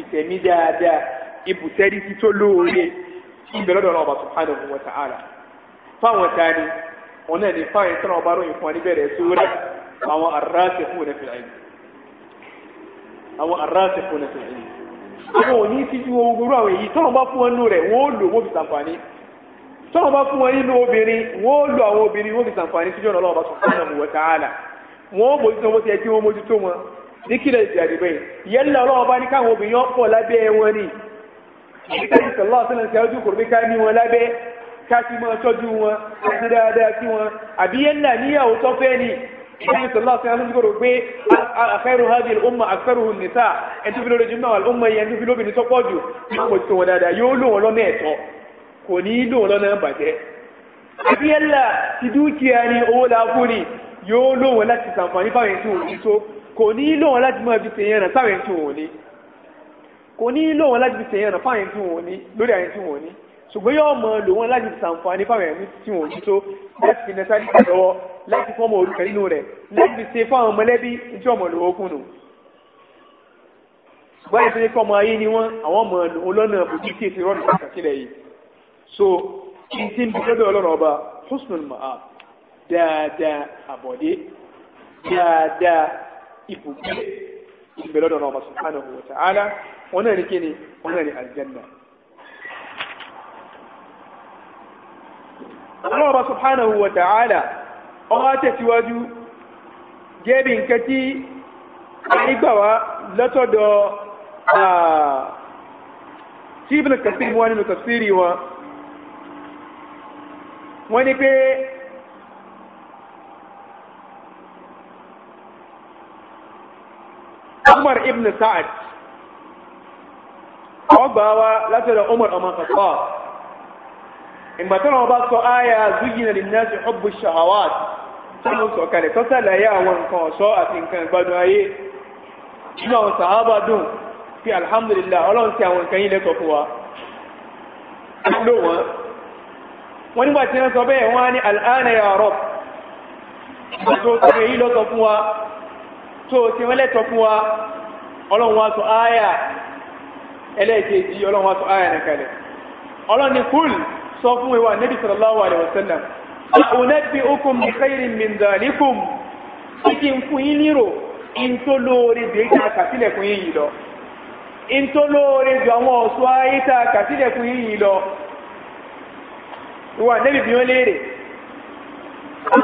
ìtẹ̀mí dáadáa ibùsẹ́rí tí tó lóore ìbẹ̀ lọ́dọ̀ ọlọ́run ọba subhanahu wa ta'ala fáwọn tani òun náà ní fáwọn ìtàn ọba ròyìn fún wa níbẹ̀rẹ̀ sórí àwọn ará ṣe fún ìrẹ́fẹ̀ẹ́ àwọn aráàtì fún ẹsẹ̀ yìí àwọn òní ti ju ogoro àwọn èyí tọ́nà bá fún wọn nínú rẹ̀ wọ́n ó lò wọ́n fi sàǹfààní tọ́nà bá fún wọn nínú obìnrin wọ́n ó lò àwọn obìnrin wọ́n fi sàǹfààní síjú ọ̀nà ọlọ́wọ́ bá subhanahu wa ta'ala wọ́n ó mójútó wọn ti ẹ̀ tí wọ́n mójútó wọn ní kílẹ̀ ìsì àdìbẹ́ yẹn ọlọ́wọ́ bá ní káwọn obìnrin ọ̀pọ̀ lábẹ́ wọn ni ìtàjì sọ̀lọ́ ọ̀sẹ̀lẹ̀ ti ọdún kòrò ká ní wọn lábẹ́ ká sì mọ́ tọ́jú wọn àti dáadáa sí wọn àbí yẹn níyàwó tó ni ìdáyìn sọlá ọsẹ alẹ gbọ́dọ̀ pé akẹrù hajj ọmọ akẹrù nìta ẹtú fi lórí jùmọ àwọn ọmọ yẹn tó fi lóbi ní tọpọ jù yóò mọ tó wọn dáadáa yóò lò wọn lọ́nà ẹ̀tọ́ kò ní lò wọn lọ́nà bàjẹ́. àbí ti dúkìá ni owó la ni yóò lò wọn láti sàǹfààní fáwọn ètò òní tó kò ní lò wọn láti máa fi sèyàn fáwọn ètò òní ṣùgbọ́n yóò mọ lò wọ́n láti sàǹfààní fáwọn ẹ̀mí tí wọ́n ti tó láti fi nẹ́sà nípa lọ́wọ́ láti fọ́mọ orúkọ nínú rẹ̀ láti fi ṣe fáwọn mọ̀lẹ́bí tí ọmọ lò ókùn nù. ṣùgbọ́n ìṣe kọ́ ọmọ ayé ni wọ́n àwọn ọmọ lò ó lọ́nà àbùkù tí èsì rọ́ọ̀nù kàkàkílẹ̀ yìí. so kí n ti ń dúró bẹ́ẹ̀ ọlọ́run ọba husnul ma'a dáadáa àbọ̀dé dáadáa ibùgbé ìgbẹ́lọ́dọ̀ ọba subhanahu wa ta'ala wọn náà ní kíni wọn náà ní ọlọ́ọ̀bá subhanahu wa ta'ala ọmọ tẹ̀síwájú gẹ́bí nǹkan tí àìgbàwá lọ́tọ̀dọ̀ tí ibn kasir wọn nínú kasiri wọn wọ́n ni pé umar ibn sa'ad ọgbàwá látọ̀dọ̀ umar ọmọ kasuwa ìgbà tó wọn bá sọ àyà zuyina lè náà ti hubbu shahawat tó mú sọ kalẹ̀ tó sàlàyé àwọn nǹkan ọ̀ṣọ́ àti nǹkan ìgbádùn ayé inú àwọn sàhábà dùn fi alhamdulillah ọlọ́run sí àwọn nǹkan yìí lẹ́tọ̀ fún wa ló wọn wọn nígbà tí wọn sọ bẹ́ẹ̀ wọn á ní al'ana ya rab ìgbà tó ọlọ́run ni kúlù sọ fún ìwà nẹ́bí sallallahu alaihi wasallam ọ̀nẹ́bí okùn bí khairin min dhalikum kíkí ń fún yín nírò in tó lóore bí ká kàtílẹ̀ fún yín yìí lọ in tó lóore jù àwọn ọ̀ṣọ́ ayé ta kàtílẹ̀ fún yín yìí lọ ìwà nẹ́bí bí wọ́n léèrè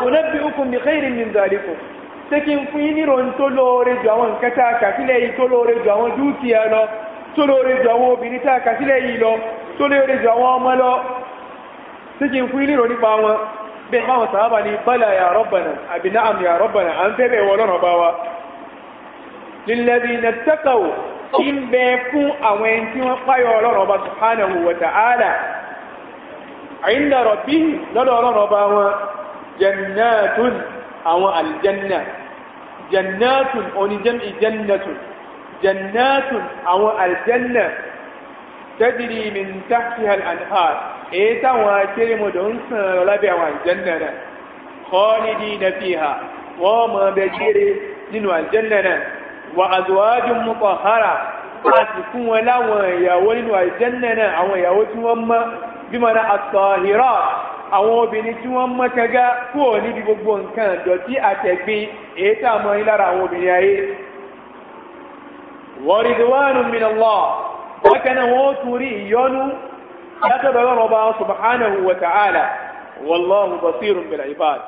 ọ̀nẹ́bí okùn bí khairin min dhalikum kíkí ń fún yín in tó lóore jù àwọn nǹkan ta kàtílẹ̀ yìí tó lóore jù àwọn dúkìá lọ tó lóore jù àwọn obìnrin ta kàtílẹ̀ yìí lọ tó lóore jù àwọn tí kí n fún ilé ìròní pa wọn bí báwọn sàábà ní bala ya rabbana àbí na'am ya rabbana à ń tẹ́bẹ̀ wọ lọ́nà bá wa lilladhina taqaw ń bẹ fún àwọn ẹni tí wọ́n páyọ ọlọ́run ọba subhanahu wa ta'ala inda rabbihim lọ́dọ̀ ọlọ́run ọba jannatun àwọn aljanna jannatun oníjẹ́mì jannatun jannatun àwọn aljanna tajri min tahtiha al èyí táwọn akérèmọdò ń sàn lọ lábẹ́ àwọn àjẹnà náà khalidina fiha wọ́n mọ̀ bẹ kéré nínú àjẹnà náà wà azwajun mutahhara a sì fún wọn láwọn ìyàwó nínú àjẹnà náà àwọn ìyàwó tí wọ́n mọ́ bí mọ̀ àtọ̀hìrọ̀ àwọn obìnrin tí wọ́n mọ́ kẹgá kúrò níbi gbogbo nǹkan dọ̀tí àtẹ̀gbin èyí táwọn yìí lára àwọn obìnrin ayé wa ridwanun min Allah bákan látọ̀dọ̀ lọ́rọ̀bá subhanahu wa ta'ala wallahu basirun bil ibad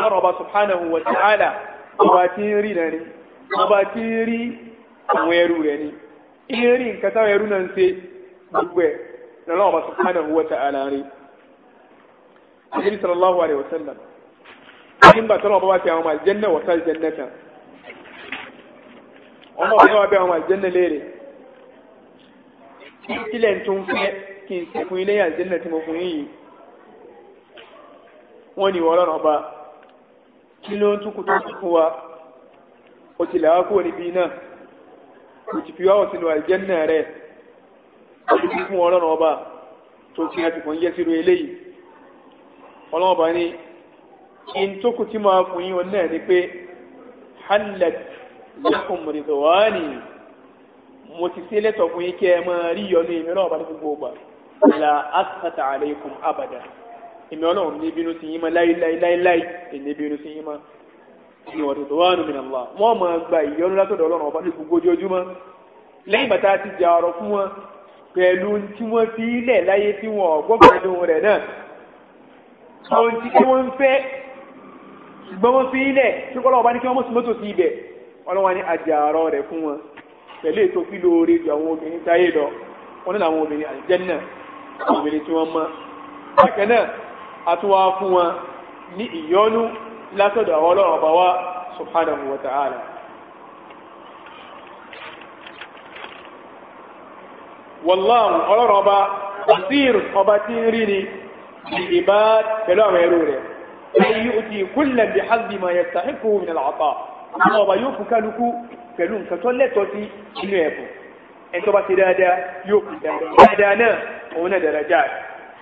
lọ́rọ̀bá subhanahu wa ta'ala ọba tí ń rí náà ni ọba tí ń rí àwọn ẹrú rẹ̀ ni ń rí nǹkan táwọn ẹrú náà ń ṣe gbogbo ẹ̀ lọ́rọ̀bá subhanahu wa ta'ala rí àdébí sallallahu alayhi wa sallam nígbà tó lọ́wọ́ bá ti àwọn àjẹ́nà wọ̀tá ìjẹ́nà kan ọmọ ọ̀gá wa bẹ àwọn àjẹ́nà léèrè kí sílẹ̀ tún fẹ́ kí n fún ilé àjẹ́nà tí mo fún yìí wọ́n ni wọ́n lọ́nà ọba kí ló ń túnkù tó ti fún wa ó ti làwá kúrò níbi náà kò ti fi wá sínú àjẹ́nà rẹ̀ ó ti fún wọn lọ́nà ọba tó ti àti fún yẹ́ sírú eléyìí ọlọ́ọ̀bá ni kí n tókù tí máa fún yín wọn náà ni pé hallat lakum ridwani mo ti sílẹ̀ tọ̀ fún yín kẹ́ ẹ máa rí yọ ní ìmíràn ọba ní gbogbo ọgbà la asfata aleikum abada èmi ọlọ́run ní bínú sí yín mọ́ láíláíláíláí èmi bínú sí yín mọ́ ní ọ̀dọ̀ tó wà nù mìíràn lọ wọ́n máa gba ìyọnu látọ̀dọ̀ ọlọ́run ọba ní gbogbo ojoojúmọ́ lẹ́yìn bàtà ti jà ọ̀rọ̀ fún wọn pẹ̀lú tí wọ́n fi ilẹ̀ láyé tí wọ́n ọgbọ́gbọ́dún rẹ̀ náà àwọn tí kí wọ́n ń fẹ́ ṣùgbọ́n wọ́n fi ilẹ̀ tí kọ́lọ̀ ọba ní kí wọ́n mọ́sí mọ́tò sí ibẹ̀ ọlọ́wà ní ní àwọn obìnrin tí wọ́n mọ́ bákan náà a tún wá fún wọn ní ìyọ́nú látọ̀dọ̀ àwọn ọlọ́run ọba wa subhanahu wa ta'ala wàláhùn ọlọ́run ọba basir ọba tí ń rí ni ìbá pẹ̀lú àwọn ẹrú rẹ̀ ayé yóò ẹni tó bá ti dáadáa yóò fi dáadáa náà òun náà dàrájà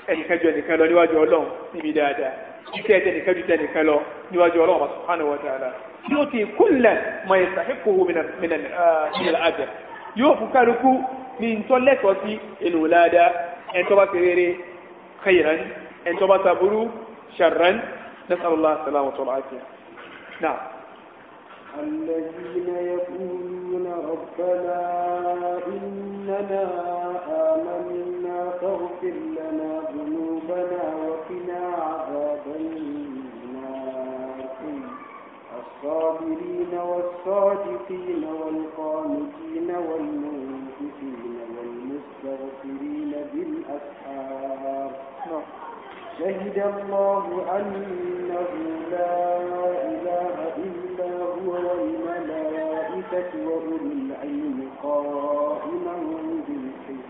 ẹnìkan ju ẹnìkan lọ níwájú ọlọ́run níbi dáadáa iṣẹ́ ẹnìkan ju ẹnìkan lọ níwájú ọlọ́run subhanahu wa ta'ala yóò ti kúlẹ̀ mọ ìsàkíkòwò mìíràn àjẹ yóò fún kálukú ní ntọ́lẹ́kọ̀ọ́ sí èlò ládàá ẹni tó bá ti rere khayran ẹni tó bá taburú sharran nasallallahu alaihi wa sallam الذين يقولون ربنا إننا آمنا فاغفر لنا ذنوبنا وقنا عذاب النار الصابرين والصادقين والقانتين والمنفقين والمستغفرين بالأسحار نعم. شهد الله أنه لا العزة وأولي العلم قائما بالقسط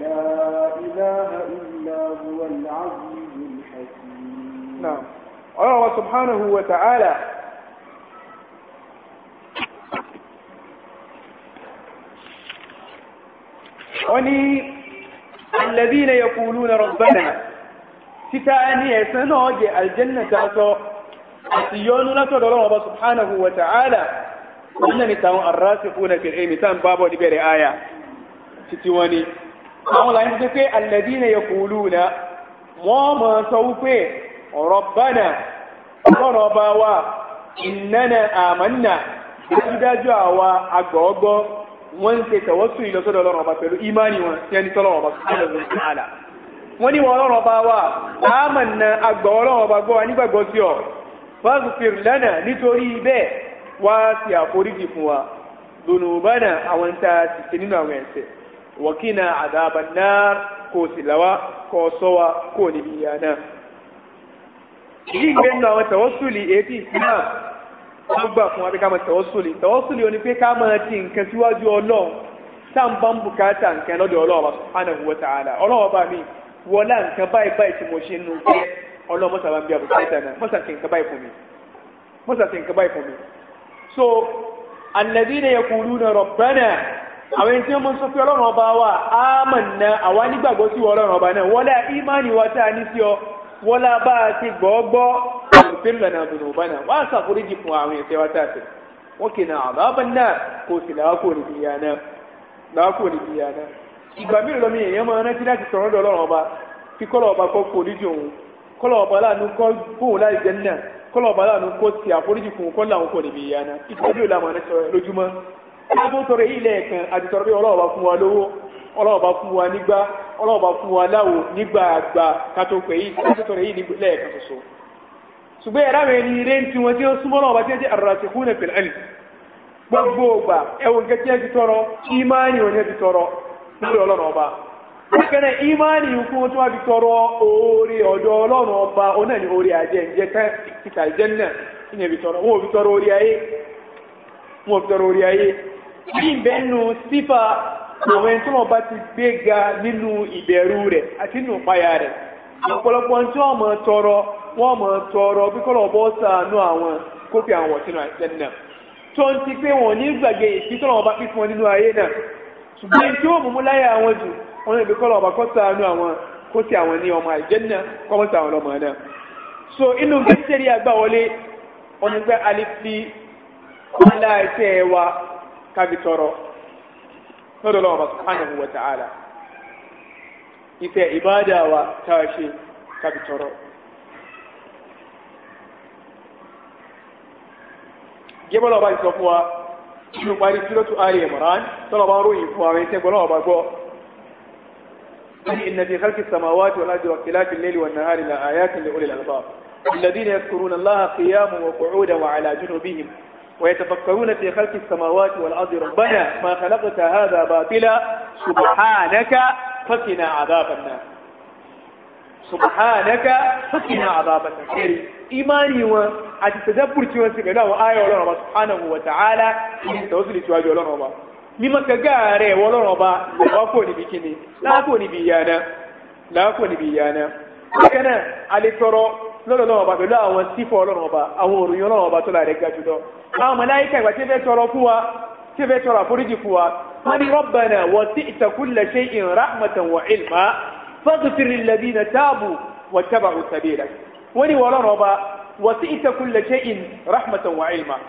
لا إله إلا هو العزيز الحكيم نعم الله سبحانه وتعالى وني الذين يقولون ربنا تتاني سنوجي الجنة أتو أتيون لتدرون الله سبحانه وتعالى wannan ni tàwọn arrasifuna fil ilmi tán bábọ̀ ní bẹ̀rẹ̀ aya títí wọn ni àwọn làwọn ti pé alladina yaquluna wọ́n mọ̀ sọ wípé rabbana ọlọ́rọ̀ bá wa innana amanna dájúdájú àwa agbọ̀ọ́gbọ́ wọ́n ń ṣe tawassul ìlọsọ́dọ̀ ọlọ́rọ̀ bá pẹ̀lú ìmánì wọn tí ẹni tọ́lọ́rọ̀ bá subhanahu wa ta'ala wọ́n ní wọ́n lọ́rọ̀ bá wà àmàna agbọ̀ọ́lọ́rọ̀ bá gbọ́ wa nígbàgbọ́ sí ọ fásitì lánàá nítorí bẹ́ẹ̀ wá sí àforíjì fún wa dùnúbánà àwọn tá a ti ṣe nínú àwọn ẹ̀ṣẹ̀ wọ̀kínà àdábànáà kò sì láwá kò sọ wa kò ní ìyá náà ìdí ìgbẹ́ nínú àwọn tẹ̀wọ́sùlì ètí ìsìnà wọ́n gbà fún abẹ́ká mọ̀ tẹ̀wọ́sùlì tẹ̀wọ́sùlì oní pé ká máa ti nǹkan síwájú ọlọ́run tá bá ń bùkátà nǹkan lọ́dọ̀ ọlọ́run subhanahu wa ta'ala ọlọ́run bá mi wọlá nǹkan báyìí báyìí tí mo ṣe nù pé ọlọ́run mọ́sàbá ń bí abùkátà náà mọ́sàkì nǹkan báyìí fún mi so alladhina yaquluna rabbana àwọn ẹni tí wọ́n sọ pé oba ọba wa amanna àwa nígbàgbọ́ sí ọlọ́run ọba náà wala ìmánì wa tá a ní sí ọ wala bá a ti gbọ́gbọ́ òfin lọ́nà àbùnà ọba náà wọ́n á ṣàforíjì fún àwọn ẹ̀ṣẹ̀ wa tá a ṣẹ̀ wọ́n kì náà àbábọ̀ náà kò sì làákò níbi ìyá náà làákò níbi ìyá náà ìgbà mélòó mi èèyàn máa rántí láti sọ̀rọ̀ dọ̀ ọlọ́run ọba kíkọ́ kọ́lọ̀ ọba láàánú kọ́ kóhùn láì jẹ́ náà kọ́lọ̀ ọba láàánú kó ti àforíjì fún kọ́ làwọn kò níbi ìyá náà ìtọ́jú ìlànà lójúmọ́ lábó tọrọ ilẹ̀ kan àti tọrọ bí ọlọ́ọ̀bá fún wa lówó ọlọ́ọ̀bá fún wa nígbà ọlọ́ọ̀bá fún wa láwo nígbà àgbà kátó pé yìí láti tọrọ yìí nílẹ̀ kan ṣoṣo ṣùgbọ́n ẹ̀rá mi ní ilé tí wọ́n ti ń súnmọ́ ọlọ́ọ̀bá tí ń jẹ́ àrùrà ti kún ní pẹ̀lú gbogbo ọgbà ẹ̀wọ̀n kẹ́kẹ́ ti tọrọ ìmáàyàn ti tọrọ lórí ọlọ́ọ̀bá bákẹ́rẹ́ ìmáàlì ikú tí wọ́n fi tọrọ oore ọ̀dọ̀ ọlọ́run ọba onáà ní oore ajẹ́ ìjẹ́ ká ìta ìjẹ́ náà ìyẹn fi tọrọ wọn ò fi tọrọ orí ayé wọn ò fi tọrọ orí ayé bí ìbẹ́nu sífà àwọn ẹni tí wọ́n bá ti gbé ga nínú ìbẹ̀rù rẹ̀ àti nínú ìpayà rẹ̀ ọ̀pọ̀lọpọ̀ tí wọ́n mọ̀ tọrọ wọ́n mọ̀ tọrọ bí kọ́lọ̀ bọ́ sàánú àwọn kófì àwọn sínú àìsẹ́ náà tó ń ti pé wọn ní gbàgbé ìfitọ́lọ́wọ́n bá fífún nínú ayé náà ṣùgbọ́n tí ó mú láyé àwọn jù wọn lè dúkọ́ lọ́ba kó sànú àwọn kó sì àwọn ní ọmọ àìjẹ́nà kọ́ mọ́ sí àwọn ọmọ náà so inú bẹ́tẹ̀rì àgbà wọlé wọn gbé alifi ọ̀la ẹ̀sẹ̀ wa kábi tọrọ lọ́dọ̀ lọ́wọ́ bá subhanahu wa ta'ala ìfẹ́ ìbáàdà wa tá a kábi tọrọ. gẹ́gbọ́n lọ́ba ìsọ fún wa inú parí sílọ́tù ààrẹ ìmọ̀ràn tọ́lọ́ba ń ròyìn fún àwọn ẹ̀sẹ̀ lọ́wọ́ bá gbọ́ قل إن في خلق السماوات والأرض واختلاف الليل والنهار لآيات لأولي الألباب الذين يذكرون الله قياما وقعودا وعلى جنوبهم ويتفكرون في خلق السماوات والأرض ربنا ما خلقت هذا باطلا سبحانك فقنا عذاب النار سبحانك فقنا عذاب النار إيماني و أتتدبر تيوان سيقنا وآية ولنا سبحانه وتعالى توصل تيوان ولنا mímọ́ kẹgá rẹ̀ wọ́lọ́rọ̀ bá láàkò níbi kíni láàkò níbi ìyànà láàkò níbi ìyànà lẹ́kẹ́nà alẹ́tọ́rọ lọ́lọ́lọ́wọ́ bá pẹ̀lú àwọn sífọ́ ọlọ́rọ̀ bá àwọn òrùyìn ọlọ́rọ̀ bá tó láàrẹ̀ ga jùlọ àwọn màláíkà ìgbà tí fẹ́ tọrọ fún wa tí fẹ́ tọrọ àforíjì fún wa wọ́n ní rabbana wasi'ta kulla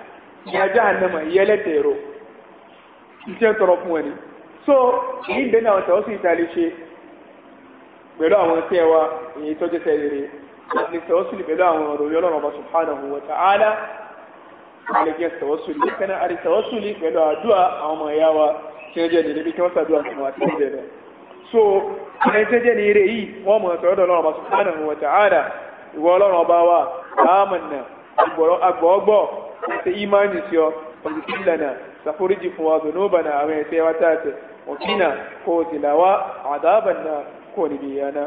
ìyá jahannama ìyẹlẹ́tẹ̀ ẹ̀rọ iṣẹ́ tọrọ fún ẹni so èyí dẹ́nà àwọn tàwọn sì ta lè ṣe pẹ̀lú àwọn iṣẹ́ wa èyí tọ́jú tẹ́ rere àti tàwọn sì pẹ̀lú àwọn ọ̀rọ̀ yọ lọ́rọ̀ ọba subhanahu wa ta'ala àlejò tàwọn sì lè kẹ́nà àti tàwọn sì lè pẹ̀lú àdúrà àwọn ọmọ ìyá wa tí wọ́n jẹ́ níbi kí wọ́n sàdúrà sí wọn àti ìbẹ̀ lọ so àwọn iṣẹ́ jẹ́ ní eré yìí wọ́n mọ̀ tọ́jú lọ́rọ̀ ọba subhanahu wa ta'ala ìwọ ọlọ́run agbọ̀ọ́gbọ̀ ṣe ìmáàni sí ọ ọ̀dùkílànà ṣàforíjì fún wa zùnúbànà àwọn ẹ̀ṣẹ̀ wa tààtẹ̀ òkínà kò tìlàwà àdábànà kò níbi yana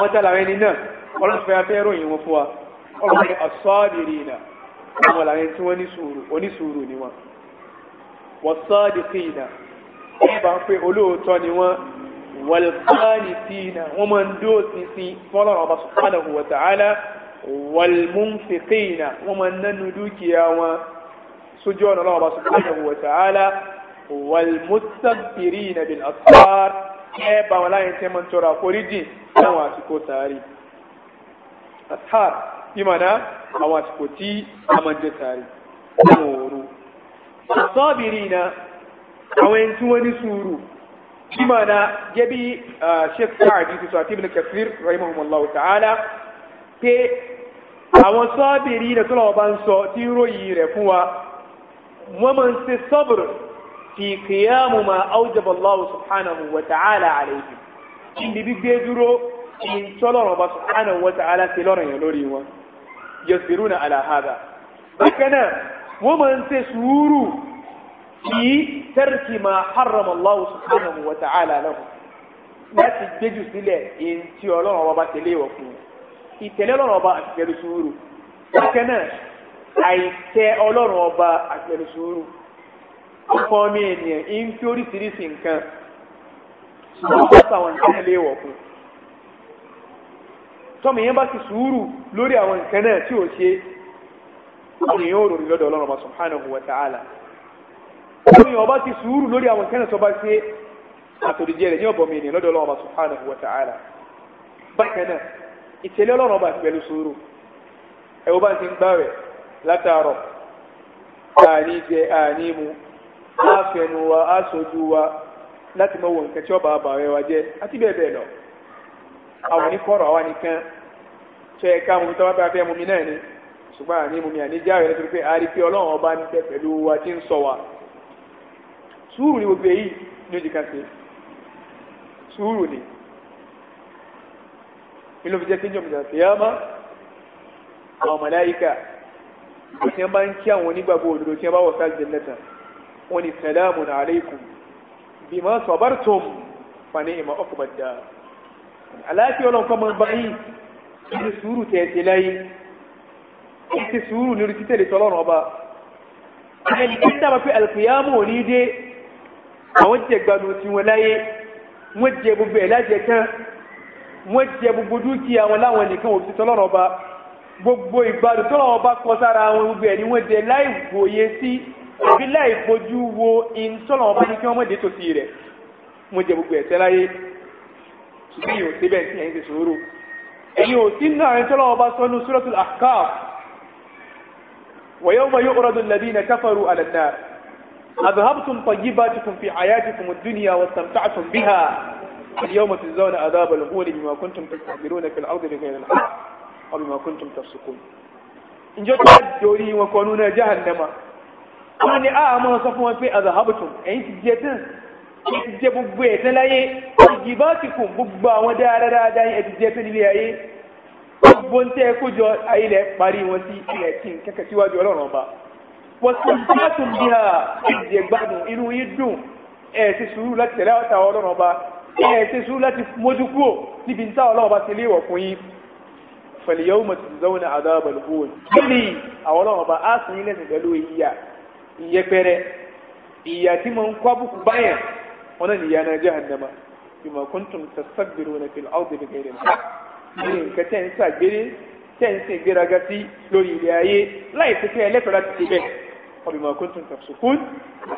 wọ́n tààlà ẹni náà ọlọ́run fẹ́ afẹ́ ròyìn wọn fún wa ọlọ́run asọ́ọ̀dìrì ìnà àwọn làwọn tí wọ́n ní sùúrù ni wọn wọ́sọ́ọ̀dìkì ìnà wọ́n bá ń pè olóòótọ́ máa ń dóòsì sí fọ́lọ́run ọba subhanahu wa wàlmúnfìkìnà wọ́n máa nánu dúkìá wọn sójú ọ̀nà lọ́wọ́ bá subhanahu wa ta'ala wàlmúsàkìrìnà bil asfar ẹ bá wọn láyé tẹ́ máa ń tọrọ àforíjì láwọn àsìkò sàárì asfar ìmọ̀nà àwọn àsìkò tí a máa ń jẹ sàárì láwọn òru asọ́bìrìnà àwọn ẹni tí wọ́n ní sùúrù ìmọ̀nà gẹ́bí ah, sheikh sa'adi ti sọ àti ibn kafir rahimahumullahu ta'ala pé àwọn sọ́ọ̀bìrì ilẹ̀ tó lọ́wọ́ bá ń sọ tí ń ròyìn rẹ̀ fún wa wọ́n máa ń ṣe sọ́bùrù fi kìyàmù ma awjaba Allahu subhanahu wa ta'ala alayhi níbi gbígbé dúró ní tọ́lọ́rọ̀ bá ń ṣe sùúrù tẹ́rìkì ma harrama Allahu subhanahu wa ta'ala láti gbéjù sílẹ̀ èyí tí ọlọ́run ọba bá ṣe léèwọ̀ fún wọn ìtẹ̀lé ọlọ́run ọba àti pẹ̀lú sùúrù bákan náà àìtẹ ọlọ́run ọba àti pẹ̀lú sùúrù ọkọ̀ mi ènìyàn ń fi oríṣiríṣi nǹkan ṣùgbọ́n ó sàwọn nǹkan lè wọ̀ fún tọ́mù yẹn bá ti sùúrù lórí àwọn nǹkan náà tí ò ṣe àwọn èèyàn òròrí lọ́dọ̀ ọlọ́run ọba subhanahu wa ta'ala tọ́mù yẹn ọba ti sùúrù lórí àwọn nǹkan náà tó bá ṣe àtòdìjẹ́ rẹ̀ ní ọ̀bọ̀ mi ènìyàn lọ́dọ̀ ọlọ́run ọba subhanahu wa ta'ala bákan náà ìtẹ̀lé ọlọ́run ọba pẹ̀lú sùúrù ẹ̀wọ́ bá ti ń gbá rẹ̀ látàárọ̀ àní jẹ àní mu á fẹnu wa á sojú wa láti mọ nǹkan tí ọba àbàrẹ̀ wa jẹ́ àti bẹ́ẹ̀ bẹ́ẹ̀ lọ àwọn oníkọ̀rọ̀ àwa nìkan tó yẹ ká tọ́wọ́ bá fẹ́ mumi náà ni ṣùgbọ́n àní mumi àní jáwé nítorí pé àrí pé ọlọ́run ọba ń bẹ pẹ̀lú wa tí ń sọ wa ilé fi jẹ́ kí jọmọ̀ ìjà fìyàmá àwọn màláíkà tí wọ́n bá ń kí àwọn onígbàgbọ́ òdodo tí wọ́n bá wọ̀ sáà jẹ́lẹ́ta wọ́n ni sàlámù na aláìkùm bí ma sọ̀bártùm fa ní ìmọ̀ ọkùnmọ̀ dá aláàfin báyìí ti sùúrù tẹ̀sí tí ń láyé wọ́n jẹ gbogbo ẹ̀ lájẹ wọ́n jẹ gbogbo dúkìá wọn láwọn nìkan òfin tọ́lọ́rọ̀ ọba gbogbo ìgbádùn tọ́lọ́rọ̀ ọba kọ sára wọn gbogbo ẹ̀ ni wọ́n jẹ láì wòye sí àbí láì fojú wo in tọ́lọ́rọ̀ ọba ní kí wọ́n mọ̀dé tòsí rẹ̀ wọ́n jẹ gbogbo ẹ̀tẹ́ láyé ṣùgbọ́n yìí ò síbẹ̀ sí ẹ̀yìn ti ṣòro اليوم تجزون عذاب الهون بما كنتم تستكبرون في الأرض بغير الحق وبما كنتم تفسقون إن جاءت دوري وقانون جهنم wọ́n ní a máa sọ fún wọn pé azahabutum ẹ̀yin ti jẹ tán ẹ̀yin ti jẹ gbogbo ẹ̀ tán láyé ìgbà ti kùn gbogbo àwọn dáadáa dáyé ẹ̀ ti jẹ tán nílé ayé gbogbo ń tẹ́ ẹ kójọ ayílẹ̀ parí wọn sí ilẹ̀ tí kẹ́kẹ́ síwájú ọlọ́run ọba wọ́n ti jẹ́ àtúndì ha ìjẹ̀gbádùn inú yín dùn ẹ̀ ti sùúrù láti tẹ̀lé àwọn ọlọ́run ọba ẹ̀ẹ́sẹ̀ sùúrù láti mójú kúrò níbi ń táwọn ọlọ́wọ́ bá ti léwọ̀ fún yín fẹ̀lẹ̀yàwó mọ̀ ti zaune àdáàbà lóòrùn lórí àwọn ọlọ́wọ́ bá á sì nílẹ̀ pẹ̀lú ìyà ìyẹpẹrẹ ìyà tí mo ń kọ́ bùkù báyẹn wọn náà nìyà náà jẹ́ àdàmà bí mo kún tún sàgbèrè wọn fi ọ́ bèbè gẹ̀rẹ̀ ní nǹkan tẹ́ ń sàgbèrè tẹ́ ń sì gbéraga sí lórí ilé ayé láì fi kẹ́ ṣe bẹ́ẹ̀ wọ́n tún sàkún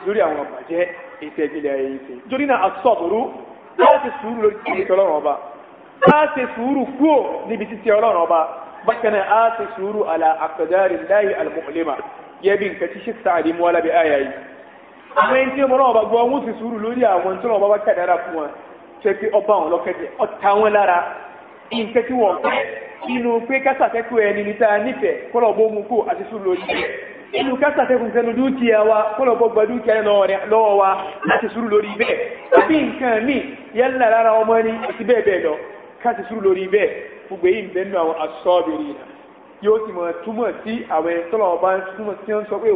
lórí àwọn àbàjẹ́ ètò ìgbélé ayé yìí á ṣe sùúrù lórí títí ọlọ́run ọba á ṣe sùúrù kúò níbi títí ọlọ́run ọba bákan náà á ṣe sùúrù àlà àkàdárì láyé àlùmọ́lẹ́mà yẹ bí nǹkan tí ṣe sáàdì mú alábi àyà yìí àwọn ẹni tí ọlọ́run ọba gbọ́ wọ́n ṣe sùúrù lórí àwọn tí ọlọ́run ọba kàdára fún wọn ṣe pé ọba àwọn lọ́kẹ́dẹ̀ ọ̀tá wọn lára nǹkan tí wọ́n fẹ́ inú pé kásàkẹ́kọ̀ọ́ ẹni níta nífẹ̀ẹ́ kọ́lọ̀ bó mú kó àti sùúrù lórí inú kásà tẹ́kùn sẹ́nu dúkìá wa kọ́lọ̀pọ̀ gba dúkìá lọ́wọ́ wa láti sùúrù lórí bẹ́ẹ̀ tàbí nǹkan ní yálà lára ọmọ ní àti bẹ́ẹ̀ bẹ́ẹ̀ lọ káti sùúrù lórí bẹ́ẹ̀ gbogbo èyí bẹ́ẹ̀nu àwọn asọ́bìrì náà yóò ti mọ̀ túmọ̀ sí àwọn ẹ̀tọ́lọ̀ ọba túmọ̀ sí ń sọ sí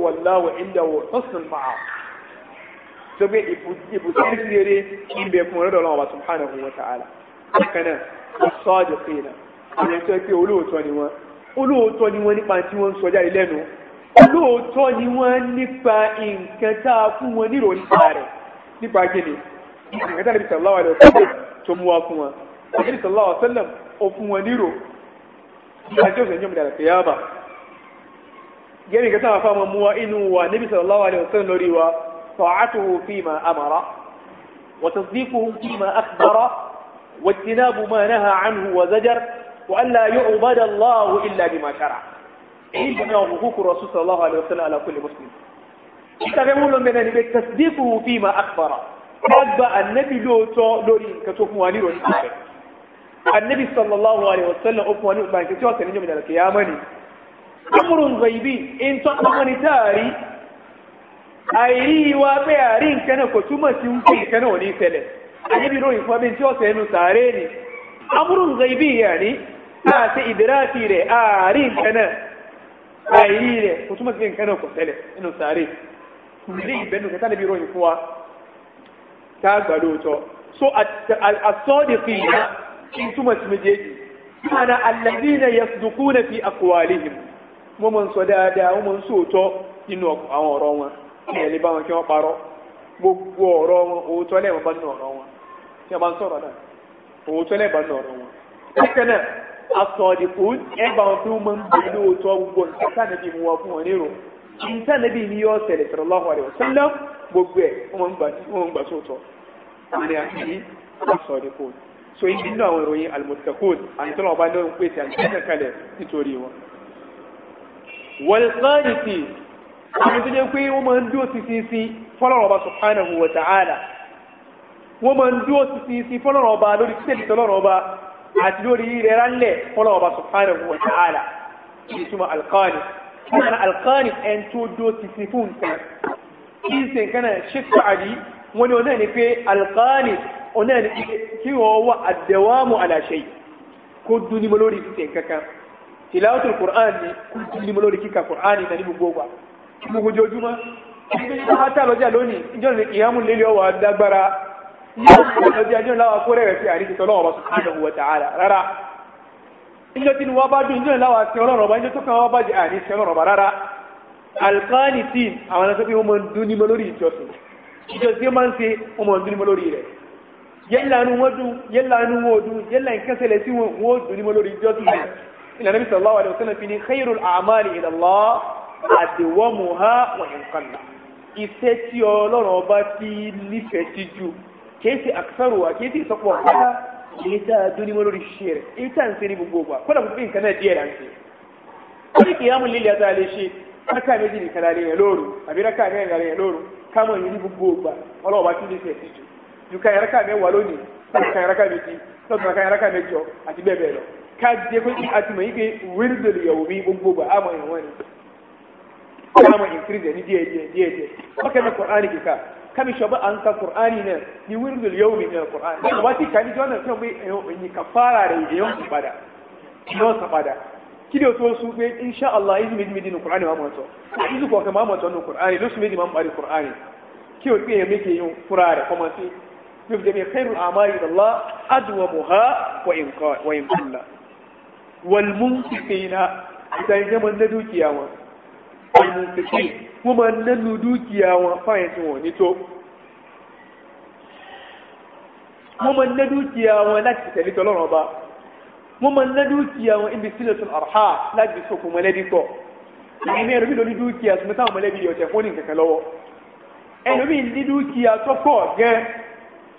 subhanahu wa ta'ala bákan náà asọ́bìrì náà àwọn ẹ̀tọ́ pé olóòótọ́ ni wọ́n olóòótọ́ ni wọ́n lóòótọ́ ni wọ́n nípa nǹkan tá a fún wọn nírò nípa rẹ̀ nípa gẹ́ni nǹkan tàbí sàláwà rẹ̀ fún tó mú wa fún wọn àgbẹ̀rẹ̀ sàláwà sẹ́lẹ̀m ó fún wọn nírò àti ọ̀sẹ̀ yóò dàgbà kìí yába gẹ́ni nǹkan táwọn fáwọn mú wa inú wa níbi sàláwà rẹ̀ sẹ́lẹ̀m lórí wa fa'atuhu fi ma amara wa tasdiquhu fi ma akhbara wa tinabu ma naha anhu wa zajar wa an la yu'bada Allah illa bima shara'a èyí jẹ́ àwọn òkú kúrò ọ̀sùn sallallahu alaihi wasallam ala kulli muslim. ìtàfẹ́ mú ló mẹ́rin níbi tasdiquhu fima akhbara wọ́n gba ànábì lóòótọ́ lórí nǹkan tó fún wa nírò nípa rẹ̀. ànábì sallallahu alaihi wasallam ó fún wa ní ìgbà nǹkan tí wọ́n tẹ̀lé jọ́mìnà àlùkè yá mọ́ni. amrun ghaibi ń tọ́ ọmọni táàrí àìrí wa pé àrí nǹkan náà kò túmọ̀ sí ń pè nǹkan náà ní ìṣẹ̀lẹ̀ ànábì lórí fún abẹ́ tí wọ́n tẹ̀lé nù sàárẹ̀ ni amrun ghaibi yà ní àti ìdíràtì rẹ̀ àárín nǹkan náà àìrí rẹ̀ kò túnmọ̀ sí pé nǹkan náà kò tẹ́lẹ̀ nínú sàárè ilé ìbẹ́nu kẹta níbi ìròyìn fún wa tá so àtọ́dẹ̀ fi ìyá kí n túnmọ̀ sí méjèèjì mana alladhina yasdukuna fi aqwalihim wọ́n mọ̀ ń sọ dáadáa wọ́n mọ̀ ń sòótọ́ nínú àwọn ọ̀rọ̀ wọn ní ẹ̀lẹ́ bá wọn kí wọ́n parọ́ asọ̀dìkú ẹgbà wọn tí ó mọ́ ń bọ̀ ilé òótọ́ gbogbo ìtànàbí mú wọn fún wọn nírò ìtànàbí ni yóò tẹ̀lé sọ̀rọ̀láwọ̀ rẹ̀ sọ́lá gbogbo ẹ̀ wọ́n ń gbà sóòtọ́ àmì àti asọ̀dìkú so ibi nínú àwọn ìròyìn almutakun àìsàn ọba náà ń pèsè àìsàn kalẹ̀ nítorí wọn. wọ̀lẹ́sánìtì àwọn tó jẹ́ pé wọ́n máa ń dúró títí sí fọ́lọ́rọ̀ ọba àti lórí rẹ̀ ránlẹ̀ fọ́lọ̀ ọba subhanahu wa ta'ala ìtumọ̀ alkani ọ̀nà alkani ẹn tó dó ti fi fún nǹkan kí n sìn kánà ṣíkọ̀ àdí wọn ni ọ̀nà ni pé alkani ọ̀nà ni kí wọ́n wá àdẹ̀wàmù aláṣẹ kó dún ní mo lórí ìsìn kankan tilawatul qur'an ni kó dún ní mo lórí kíka qur'an ní gbogbo wa gbogbo ojoojúmọ́ ìgbésí tó hátà lọ́jà lónìí ìjọ́ ọjọ́ ẹjọ́ láwà kó rẹ̀rẹ̀ sí àríṣẹ́ tọ́lọ́wọ́ subhanahu wa ta'ala rárá injọ́ tí wọ́n bá dùn injọ́ láwà sí ọlọ́rọ̀ bá injọ́ tó kàn wọ́n bá jẹ́ àríṣẹ́ ọlọ́rọ̀ bá rárá alkani tí àwọn ẹ̀sọ́ pé wọ́n mọ̀ ń dún ní lórí ìjọsìn ìjọsìn máa ń ṣe wọ́n mọ̀ ń dún ní lórí rẹ̀ yẹ́lá inú wọn dùn yẹ́lá inú wọn dùn yẹ́lá ìkẹsẹ̀lẹ̀ tí wọ́n ó ní lórí ìjọsìn rẹ̀ ìlànà kéèsì àkàrò wa kéèsì ìsọpọ̀ ọ̀gá ilé tá a dún ní wọn lórí ṣe rẹ̀ èyí tá à ń ṣe ní gbogbo wa kódà gbogbo nǹkan náà díẹ̀ là ń ṣe. wọ́n ní kìyàmù líle àti àlè ṣe rákà méjì nìkan la lè yàn lóru àbí rákà mẹ́rin la lè yàn lóru kámọ̀ yìí ní gbogbo wa ọlọ́wọ́ bá tún lè ṣe ẹ̀sìn jù ju kan rákà mẹ́wàá lónìí láti kan rákà méjì lọ́dún kan rákà mẹ́jọ àti bẹ́ẹ̀ bẹ́ẹ̀ lọ ká dé pé àti mọ̀ yìí pé wíìrì lè yọ̀ wí gbogbo wa àmọ̀ ìwọ̀n ni àmọ̀ ìkírìsẹ̀ ní díẹ̀ díẹ̀ díẹ̀ díẹ̀ ọkẹ́ mi kọ̀ kami shaba an ka qur'ani ne ni wirdul yawmi ne qur'ani wati kani jona so be ni kafara re yon ibada no sabada kido to su be insha Allah izmi izmi din qur'ani ma mato izu ko kama mato no qur'ani lusu me di ma bari qur'ani kiyo be ya meke yon furare kuma ti bi da be khairul amali Allah adwamuha wa in wa in wal munfiqina idan zaman da dukiya wa ọ̀yìnbíkì wọ́n máa nẹ́nu dúkìá wọn fáyẹ̀ tí wọ́n ní tó wọ́n máa nẹ́ dúkìá wọn láti tẹ̀lé tọ́lọ́run ọba wọ́n máa nẹ́ dúkìá wọn ibi sílẹ̀ tó àrùhà láti sọkùn mọ̀lẹ́bí pọ̀ ìní ẹ̀rọ mi lórí dúkìá tó mẹ́ta mọ̀lẹ́bí yọ̀ tẹ̀ fóònù kankan lọ́wọ́ ẹ̀rọ mi ní dúkìá tó pọ̀ gan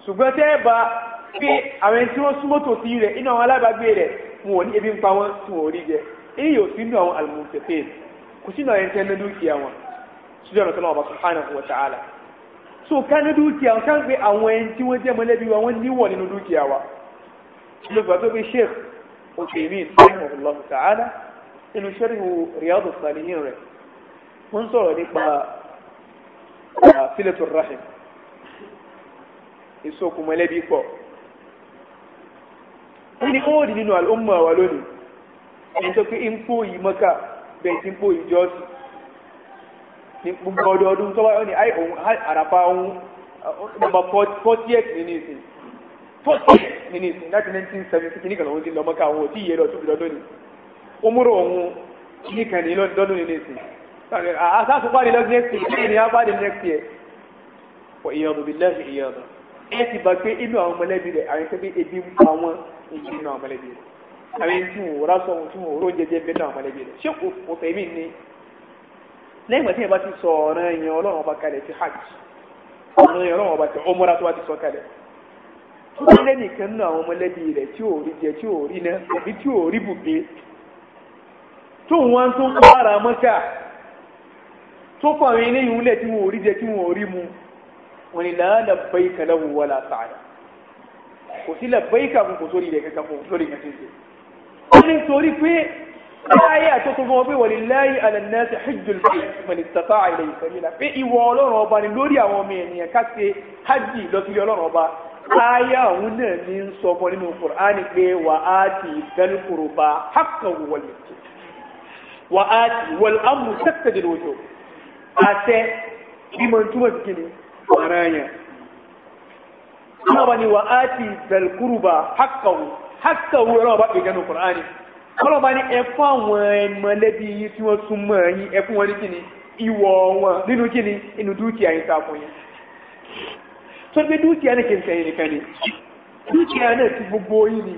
ṣùgbọ́n tẹ́ ẹ bá pé àwọn ẹni tí wọ́n súnmọ́ tòsí rẹ̀ inú àwọn alábàágbé rẹ̀ wọn ò ní ebi ń pa wọn tí wọn ò rí jẹ èyí yóò ku ci nauyin na dukiya wọn su jẹ́ ọ̀nà subhanahu wa ta'ala so ká ní dúkìá wọn káà pé àwọn ẹni tí wọ́n jẹ́ mọ́lẹ́bí wa wọ́n níwọ̀ nínú dúkìá wa ló gbà tó pé sheikh Uthaymeen rahimahullahu ta'ala inú sharhu Riyadus Salihin rẹ̀ wọ́n sọ̀rọ̀ nípa filatul rahim ìsokùn mọ́lẹ́bí pọ̀ wọ́n ní ó di nínú al'umma wa lónìí ẹni tó pé ń kó yìí pé tí ń pò ìjọ sí ní gbogbo ọdọọdún tó wáyé ó ní àì òun àràpá ohun nọmba forty eight nínú ìsìn forty eight nínú ìsìn láti nineteen seventy kìíní lọ mọ́ká àwọn òtí ìyẹ́rọ tó fi lọ́dún ni ó múrò kan ní lọ́dún nínú ìsìn àṣàṣù pàdé lọ́dún next year kìíní ni a next year for ìyọ̀nù bí lẹ́sìn ìyọ̀nù ẹ ti bá pé inú àwọn mọ̀lẹ́bí rẹ̀ àyẹ̀kẹ́ bí àwọn tí wọn rà sọ ohun tí wọn rò jẹjẹ bẹ́ẹ̀ náà mọ̀lẹ́bí rẹ̀ ṣé kò fẹ́ mí ni lẹ́yìn ìgbà tí yẹn bá ti sọ ọ̀ràn yẹn ọlọ́run ọba kalẹ̀ ti hajj ọ̀ràn yẹn ọlọ́run ọba ti ọmọra tó bá ti sọ kalẹ̀ tó bá lẹ́nìkan nínú àwọn mọ̀lẹ́bí rẹ̀ tí ò rí jẹ tí ò rí ná àbí tí ò rí bùgbé tó wọn tó ń bára mọ́kà tó fọ àwọn eléyìí wúlẹ̀ tí wọn ò rí kò sí làbẹ́ẹ̀ kà fún kò sórí rẹ̀ kẹ́kẹ́ fún ó ní torí pé láyé àtúntò fún ọ pé wọlé láyé àlànàṣẹ hajjul bayt man istata'a ilayhi sabila pé ìwọ ọlọ́run ọba ni lórí àwọn ọmọ ènìyàn ká ṣe hajj lọ́sílẹ̀ ọlọ́run ọba láyé àwọn náà ní ń sọ fún nínú Qur'ani pé wà á ti dálùkùrù bá haqqahu wal wà á ti wal amru taqtadil wujub àṣẹ bí mo túmọ̀ sí kìíní ọ̀ràn yẹn. Ọlọ́ba ni wà á ti dálùkùrù bá haqqahu haka wo ẹ̀rọ ọba pèjẹ́ ní kùránì ọlọ́run bá ní ẹ fún àwọn ẹmọlẹ́bí yìí tí wọ́n súnmọ́ yín ẹ fún wọn ní kíni ìwọ̀ wọn nínú kíni inú dúkìá yín sá fún yín tó gbé dúkìá ní kìí sẹ́yìn nìkan ni dúkìá náà ti gbogbo yín ni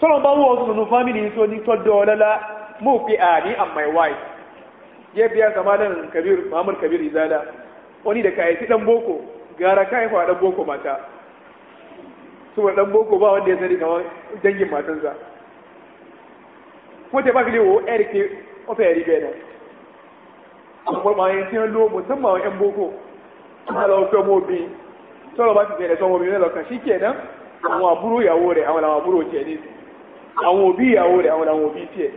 tọ́lọ́ bá wọ́n sọ̀rọ̀ nù fámìlì yìí tó ní tọ́jọ́ ọlọ́lá mú pé àní àmà ìwà yìí yẹ biya kamalan kabir muhammad kabir izala wani da kayaci dan boko gara kayan fa dan boko mata su dan boko ba wanda ya sani kamar dangin matansa ko te ba kile wo erike o fe eri bena àwọn ọmọ ayé tí wọ́n ló musamman àwọn ‘yan boko lọ fẹ́ mọ́ bí tọ́lọ bá ti tẹ̀lẹ̀ sọmọ obìnrin lọ́kàn sí kẹ̀ náà àwọn àbúrò ìyàwó rẹ̀ àwọn àwọn àbúrò tiẹ̀ ní àwọn òbí ìyàwó rẹ̀ àwọn àwọn òbí tiẹ̀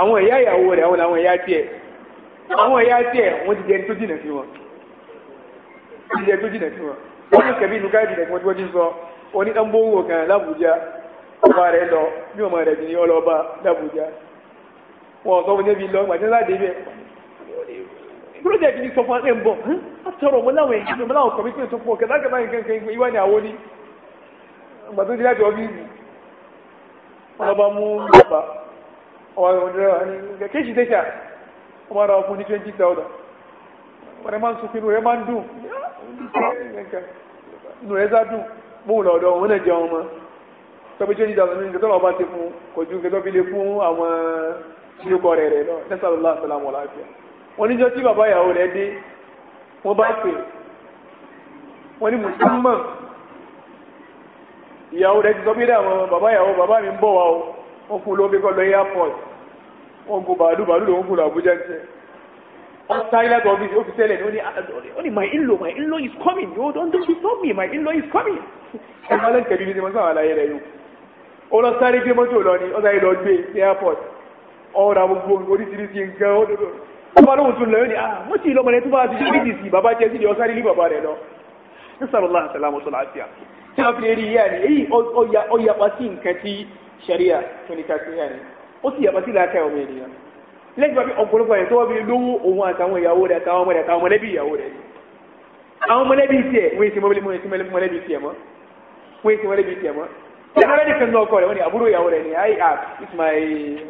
àwọn ẹ̀yà ìyàwó rẹ̀ àwọn àwọn ẹ̀yà tiẹ̀ àwọn ẹ̀yà tiẹ̀ wọ́n ti jẹ́ tó jìnà sí wọn wọ́n ti jẹ́ tó jìnà sí wọn wọ́n ti kẹ̀mí inú káàdì rẹ̀ wọ́n ti sọ onídàn bóńgò kan lábújá ọba rẹ̀ lọ bí ọmọ rẹ̀ bìnrin ọlọ́ba lábújá wọn sọ fún débi lọ gbàjẹ́ láde bẹ́ẹ̀ project ni sọ fún ẹ̀ ń bọ̀ after all mo láwọn èyí mo láwọn commitment tó pọ̀ kẹta kẹta nǹkan kan ìwà ni àwọn ní ìgbà tó ti láti ọ́fíìsì ọlọ́ba mú bàbá ọwọ́ ẹ̀wọ̀n dẹ́rẹ́wà ní kéèṣì tẹ́ṣà ọmọ ara ọkùn ní 20,000 wọ́n rẹ̀ máa ń sọ pé inú rẹ̀ máa ń dùn inú rẹ̀ sá dùn bóun lọ́dọ̀ wọn náà jẹun mọ́ tọ́bí tí ó jíjà lọ́nà ìgbẹ́tọ́lọ́ ọba ti fún kò ju gẹ́tọ́ fi lè fún àwọn sílùkọ rẹ̀ rẹ̀ lọ nẹ́sàlọ́lá àsàlámù aláàfíà wọ́n níjọ́ tí bàbá ìyàwó rẹ̀ dé wọ́n bá pè wọ́n ní mùsùlùmọ̀ ìyàwó rẹ̀ ti sọ pé àwọn bàbá ìyàwó bàbá mi ń o wọ́n fún lóbi kọ́ lọ airport wọ́n gun bàálù bàálù lòun wọ́n sáré lẹ́gbọ̀n mi ó fi tẹ́lẹ̀ ní my in-law my in-law is coming you don't disturb me my in-law is coming ẹ̀rọ alẹ́kẹ̀ẹ́bí ni mo sáwọn àlàyé rẹ̀ yìí ó lọ sáré gbé mọ́tò lọ ni ó sáré lọ gbé ní airport ọ̀rọ̀ gbogbo oríṣiríṣi nǹkan òdodo ọba lóhùn tún lọ yóò ní ah mo ti lọ́mọ rẹ tó bá ti ṣe bíjì sí bàbá jẹ́ sídìí ọ̀sáré ní bàbá rẹ̀ lọ ní sàlọ́lá àṣàlámù sọ̀lá àti à tí wọ́n fi rí yíyá ni èyí ó yapa sí nǹkan tí sẹ́ríà tó ní ká sí yíyá ni ó sì yapa sí làákà ọmọ ènìyàn lẹ́gbàá bí ọ̀pọ̀lọpọ̀ ẹ̀ tó wọ́n bí lówó òun àtàwọn ìyàwó rẹ̀ àtàwọn ọmọ rẹ̀ àtàwọn mọ̀lẹ́bí ìyàwó rẹ̀ àwọn mọ̀lẹ́bí tiẹ̀ wọ́n èsì mọ̀lẹ́bí tiẹ̀ mọ́ wọ́n èsì mọ̀lẹ́bí tiẹ̀ mọ́ ṣe ara ní fẹ́ẹ́ ọkọ rẹ̀ wọ́n ní àbúrò ìyàwó rẹ̀ ní i ask ah, it's my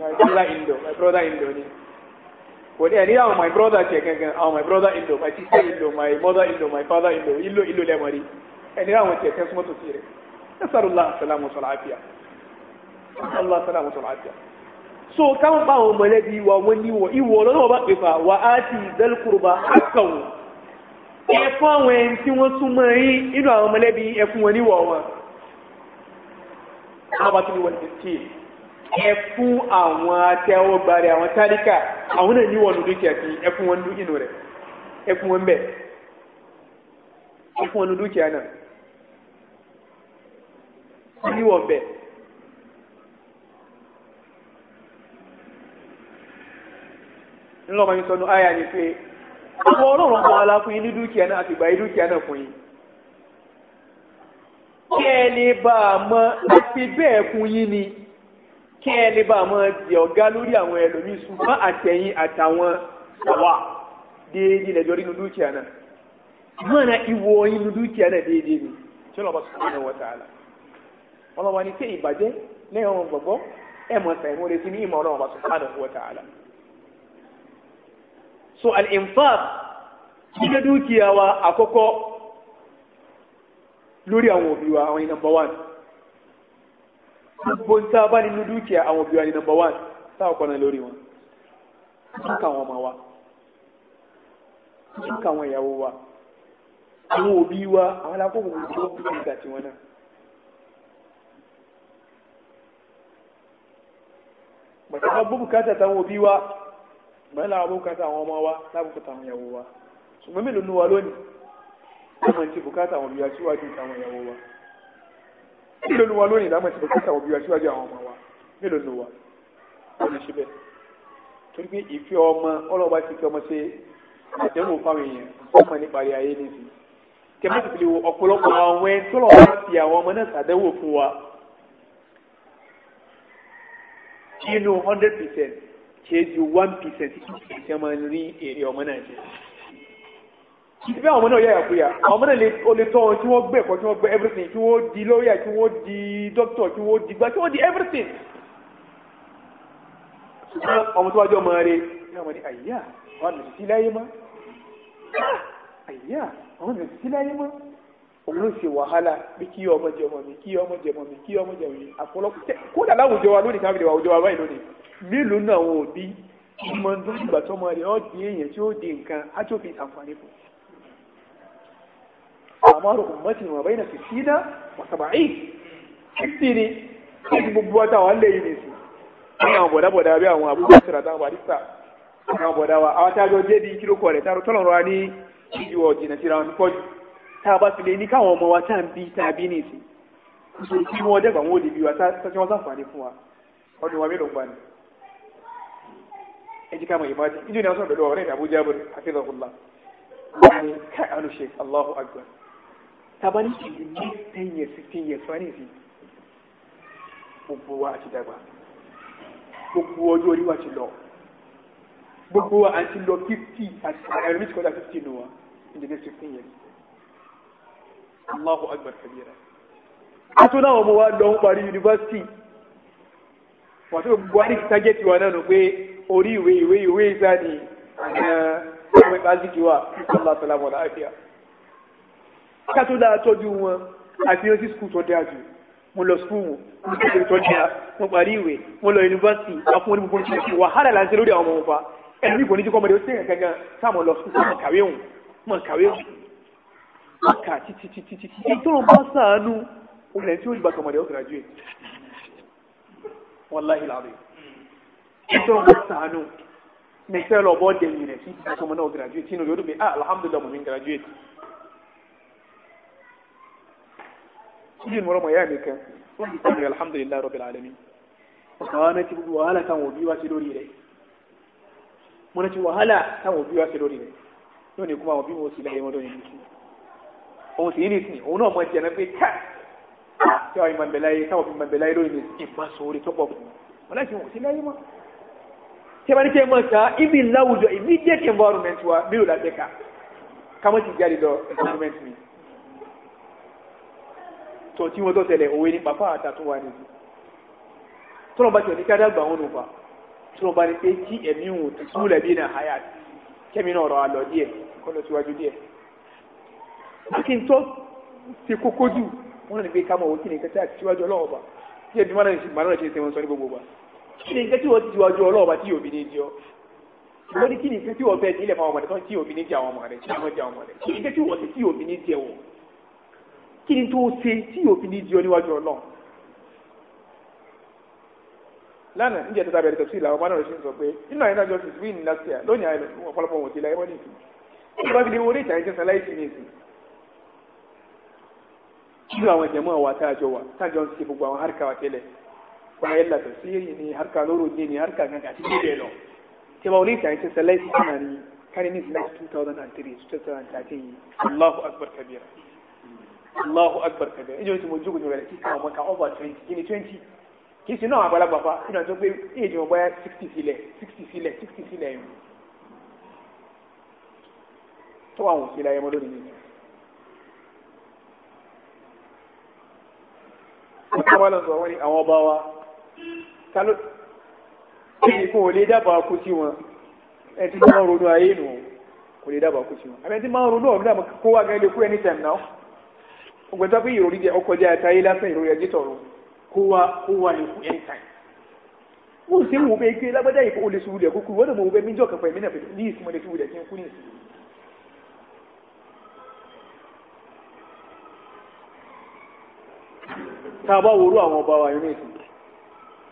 my brother in law my brother in law ni kò ní ẹni àwọn my brother tiẹ̀ gangan àwọn my brother in law my sister in law my mother in law my father in law ilo ilo lẹ́mọ̀ rí ẹni àwọn tiẹ̀ fẹ́ súnmọ́tò sí rẹ̀ ẹ sàrùlá sàlámù sàlámù àfíà sàrùlá sàlámù sàlámù àfíà so káwọn bá wa mọ̀lẹ́bí wa wọn níwọ̀ ìwọ̀ lọ́nà ọba pèfà wà á ti ìdẹ́lùkùrùbà ákàwò ẹ̀fọ́ àwọn ẹni tí wọ́n tún mọ́ rí inú àwọn mọ̀lẹ́bí ẹkùn wọn níwọ̀ wọn ẹfún àwọn atẹ́wọ́gbàrí àwọn tálíkà àwọn náà níwọ̀n nù dúkìá sí ẹfún wọn nínú rẹ̀ ẹfún wọn bẹ̀ ẹfún wọn nù dúkìá náà níwọ̀n bẹ̀ ńlọ ma ń sọ ní àyà ni pé ọmọ ọlọ́run kan ala fún yín ní dúkìá náà àti ìgbà yín dúkìá náà fún yín kí ẹ lè bá a mọ àti bẹ́ẹ̀ fún yín ni kí ẹ lè bá a mọ di ọ̀gá lórí àwọn ẹlòmíín ṣùgbọ́n àtẹ̀yìn àtàwọn sàwà déédéé lẹ́jọ́ rí nu dúkìá náà mọ́nà ìwọ yín nu dúkìá náà déédéé ni tí ó lọ́ bá subhanahu wa ta'ala ọlọ́wọ́ ni tí ìbàjẹ́ lẹ́yìn ọ̀run gbọ̀gbọ́ ẹ̀ mọ̀ sẹ́yìn lè ti ní ìmọ̀ ọlọ́wọ́ bá subhanahu wa ta'ala so al-infaq ṣíṣe dúkìá wa àkọ́kọ́ lórí àwọn òbí wa àwọn ìnàmbà wà gbogbo ń sábà nínú dúkìá àwọn òbí wa ìnàmbà wà sáà kọ́nà lórí wọn ká wọn ọmọ wa ká wọn ìyàwó wa àwọn òbí wa àwọn alákòókò tí wọ́n fi ìgbà tí wọ́n náà bàtà bá bùbù káàtà táwọn òbí wa ṣùgbọ́n láwọn bùkátà àwọn ọmọ wa lábùkátà àwọn ìyàwó wa ṣùgbọ́n mélòó ní wa lónìí láwọn ti àwọn òbíwá síwájú àwọn ọmọ wa mélòó ní wa wọ́n ṣe bẹ́ẹ̀ torí pé ìfẹ́ ọmọ ọlọ́ba ti fi ọmọ ṣe àtẹ̀wò fáwọn èèyàn ọmọ inú hundred ṣe ju one percent ṣe máa ń rí èrè ọmọ náà jẹ ìfẹ́ àwọn ọmọ náà yáyà kúyà àwọn ọmọ náà lè tọ́ wọn tí wọ́n gbé ẹ̀kọ́ tí wọ́n gbé everything tí wọ́n di lọ́ọ̀yà tí wọ́n di dókítọ̀ tí wọ́n di gbá tí wọ́n di everything ọmọ tó wájú ọmọ rẹ náà wọ́n ní àyíyá àwọn ọmọ sí láyé mọ́ ah, àyíyá àwọn ọmọ sí láyé mọ́ òun ló ṣe wàhálà bí kí ọmọ jẹ ọmọ mi kí ọmọ jẹ ọmọ mi kí ọmọ jẹ ọmọ mi àfọlọ́kù tẹ kódà láwùjọ wa lónìí káfíńdì wa àwùjọ wa báyìí lónìí mélòó náà àwọn òbí ọmọ tó ìgbà tó ọmọ rẹ̀ ọ́ di èèyàn tí ó di nǹkan á tó fi àǹfààní fún àmọ́ àrùkù wọn bẹ́ẹ̀ náà sí dá wàtàbà yìí fífì ni láti gbogbo ọjà wà lẹ́yìn nìsí ní àwọn bọ̀dábọ̀dá bí àwọn àbúrò sọ̀rọ̀ àtàwọn bàdísà àwọn bọ̀dá wa àwọn tájọ jẹ́ bí kílókọ̀ rẹ̀ tààrọ̀ tọ́lọ̀rọ̀ wa ní ìdí ọ̀jìnà síra wọn pọ̀jù tá a bá ti lè ní káwọn ọmọ wa tá à ń bí tá a bí nìsí kí wọ́n dẹ́gbà wọn ò lè bí wa tá a ti wọ́n sáfà ní fún wa ọdún wa mélòó gbani ya ji kama imaji ido na son da dawa rai da Abu Jabir hafizahullah wani kai anu shek Allahu akbar tabani ki ni ten years 15 years wani si gbogbo wa ti dàgbà gbogbo ọjọ́ orí wa ti lọ gbogbo wa àti lọ 50 àti ẹ̀rọ mi ti 50 nù wa in the Allahu akbar kabira a tún náà wa lọ ń parí yunifásitì wàtí gbogbo wa ní target orí ìwé ìwé ìwé ìgbà ni ọmọ ìbázíkì wà aláàtàlámọ̀lá àfíà ká tó dáa tọ́jú wọn àti ó sí skul tó dáa jù mo lọ skul mu mo sì tó dáa mo parí ìwé mo lọ yunifásitì afún onígbogbo ní ṣe wàhálà láti lórí àwọn ọmọ ọba ẹnu ní kò ní jí kọ́mọdé ó sì rìn gangan sáà mo lọ skul mo kàwé òun mo kàwé òun mo kà títí títí títí èyí tó ń bá sàánú olè tí ó gbà kọ́mọdé ó graduate wallahi láàrin ẹ̀tọ́ wọn sànù nẹ̀kẹ́ lọ bọ́ dẹ̀ yìnyín sí ọmọ náà graduate inú yóò dùnmí ah alhamdulilah mo mi graduate. Ibi ni mo rọ̀ mọ̀ yára mi kan, wọ́n ti sọ̀rọ̀ alhamdulilah rabbil alamin. Ọ̀sán wa náà ti gbogbo wàhálà táwọn òbí wa ti lórí rẹ̀. Mo náà ti wàhálà táwọn òbí wa ti lórí rẹ̀. Yóò ní kúmọ̀ àwọn òbí wọn sì láyé wọn lónìí nìyí. Òun sì ní ìsìn, òun náà mọ̀ jẹ́ náà pé ká tí àwọn ìmọ̀ ìbẹ̀láyé táwọn òbí ìmọ̀ ìbẹ̀láyé lónìí ìbá sóore tó pọ̀ fún wọn. Wọ́n láti wọ̀ sí láyé wọn tí a bá ní kí ẹ máa ta ibi láwùjọ immediate environment wa bí o lajẹ ká ká mọ́ ti jáde lọ environment mi tó tí wọ́n tó tẹ̀lé òwe ní pàpá àtàtún wa nìyí tó lọ́ba tí ò ní ká dàgbà wọn nùpa tó lọ́ba ní pé kí ẹ̀mí wò tó túlẹ̀ bí náà háyà kẹ́mi náà rọ̀ àlọ́ díẹ̀ kọ́ lọ síwájú díẹ̀ akíntọ́ ti kókó jù wọ́n ní pé ká mọ̀ wọ́n kí ni kẹ́tẹ́ àti síwájú ọlọ́wọ́ bá tí ẹ̀mí má náà ṣe ń sọ ní gbogbo kí ni nǹkan tí wọ́n ti diwájú ọlọ́ọ̀bá tí òbí ní di ọ́ wọ́n ní kí ni nǹkan tí wọ́n fẹ́ di ilẹ̀ fún àwọn ọmọdé kan tí òbí ní di àwọn ọmọdé tí àwọn di àwọn ọmọdé kí ni nǹkan tí wọ́n ti tí òbí ní di ẹ̀ wọ̀ kí ni tó ṣe tí òbí ní di ọ níwájú ọlọ́ọ̀ lánàá níjẹ́ tata bẹ̀rẹ̀ tẹ̀sí làwọn ọmọdé rẹ̀ sọ pé nínú àyẹ̀dá jọ sùn wíìn last year lónìí àyẹ̀lẹ̀ ọ̀pọ̀lọpọ̀ wò ti la ẹ̀wọ́n nìkú ìjọba fi lè wọlé ìtàn ẹ̀jẹ̀ sẹ́láì sí ní èsì nínú àwọn ìjẹ̀mú àwọn àtàjọ wa tájọ ń ṣe gbogbo àwọn àríkà wa tẹ́lẹ̀ bayan da tafsiri ne harka loro ne ne harka kan gashi ne da yau ke maulid ta yace sallai sana ne kan ne sinai 2003 2013 Allahu akbar kabira Allahu akbar kabira ijo ti mo jugo ni wala ki ka mo ka over 20 kini 20 kì í ṣe náà àgbàlagbà fa kí náà tó pé éèjì wọn 60 sixty sílẹ̀ sixty sílẹ̀ sixty sílẹ̀ yìí tó àwọn òsèlè ayẹmọ lónìí nìyẹn. wọ́n ti wá lọ sọ kálọ́ ẹnìkan ò lè dábàá kú sí wọn ẹni tí máa ń ronú ayé nù kò lè dábàá kú sí wọn àbẹ́ni tí máa ń ronú ọ̀run dàbọ̀ kó wà gan lè kú ẹni tẹ̀m náà ọgbẹ́ tó pé ìròrí jẹ ọkọ̀ jẹ àtàyé lásán ìròrí ẹjẹ tọ̀rọ̀ kó wà kó wà lè kú ẹni tẹ̀m wọ́n sì ń wo bẹ́ẹ̀ gbé lágbájá ìfowó lè sùn wulẹ̀ kúkú wọ́n lè mọ̀ wọ́n bẹ́ẹ̀ míjọ́ kẹfà ìmínà ní ìsúnmọ́ lè sùn wulẹ̀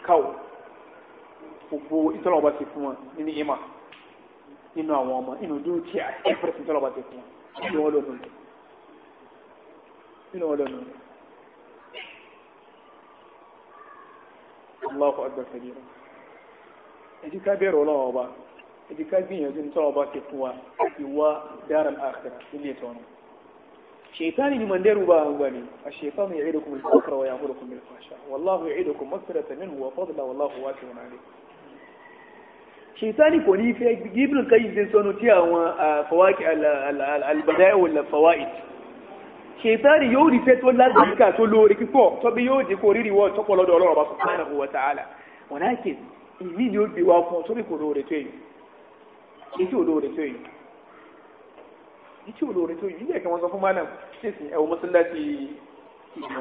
káwọ́ gbogbo ìtọ́lọ́ba ti fún wọn nínú ìmọ̀ nínú àwọn ọmọ nínú dúkìá ẹ̀fẹ̀rẹ̀sì ìtọ́lọ́ba ti fún wọn nínú wọn lọ́nà nínú wọn lọ́nà. Allahu akbar kabira. Ẹ̀dí ká bẹ̀rù ọlọ́wọ́ ọba. Ẹ̀dí ká gbìyànjú ìtọ́lọ́ba ti fún wa ìwà dára àkàrà nílé ìtọ́nù shaitani ni manderu ba wani ash-shaytanu ya'idukum al-faqra wa ya'murukum bil fahsha wallahu ya'idukum maghfiratan minhu wa fadla wallahu wasi'un 'alim shaitani kò ní fẹ́ ibn qayyim zai sọnù tí àwọn fawaki al-bada'i wal fawaid shaitani yóò rí fẹ́ tó lágbàáyíká tó lórí kíkọ́ tó bí yóò dé kó rírì wọ́n tó pọ̀ lọ́dọ̀ ọlọ́run ọba subhanahu wa ta'ala wọ́n á kè ìmí ni ó gbé wa fún ọ tó bí kò lóore tó yìí kì í sì ò lóore ntí olóore tó yìí yẹ kí wọn sọ fún mánà ṣèṣì ẹwọ mọsálásí ìgbà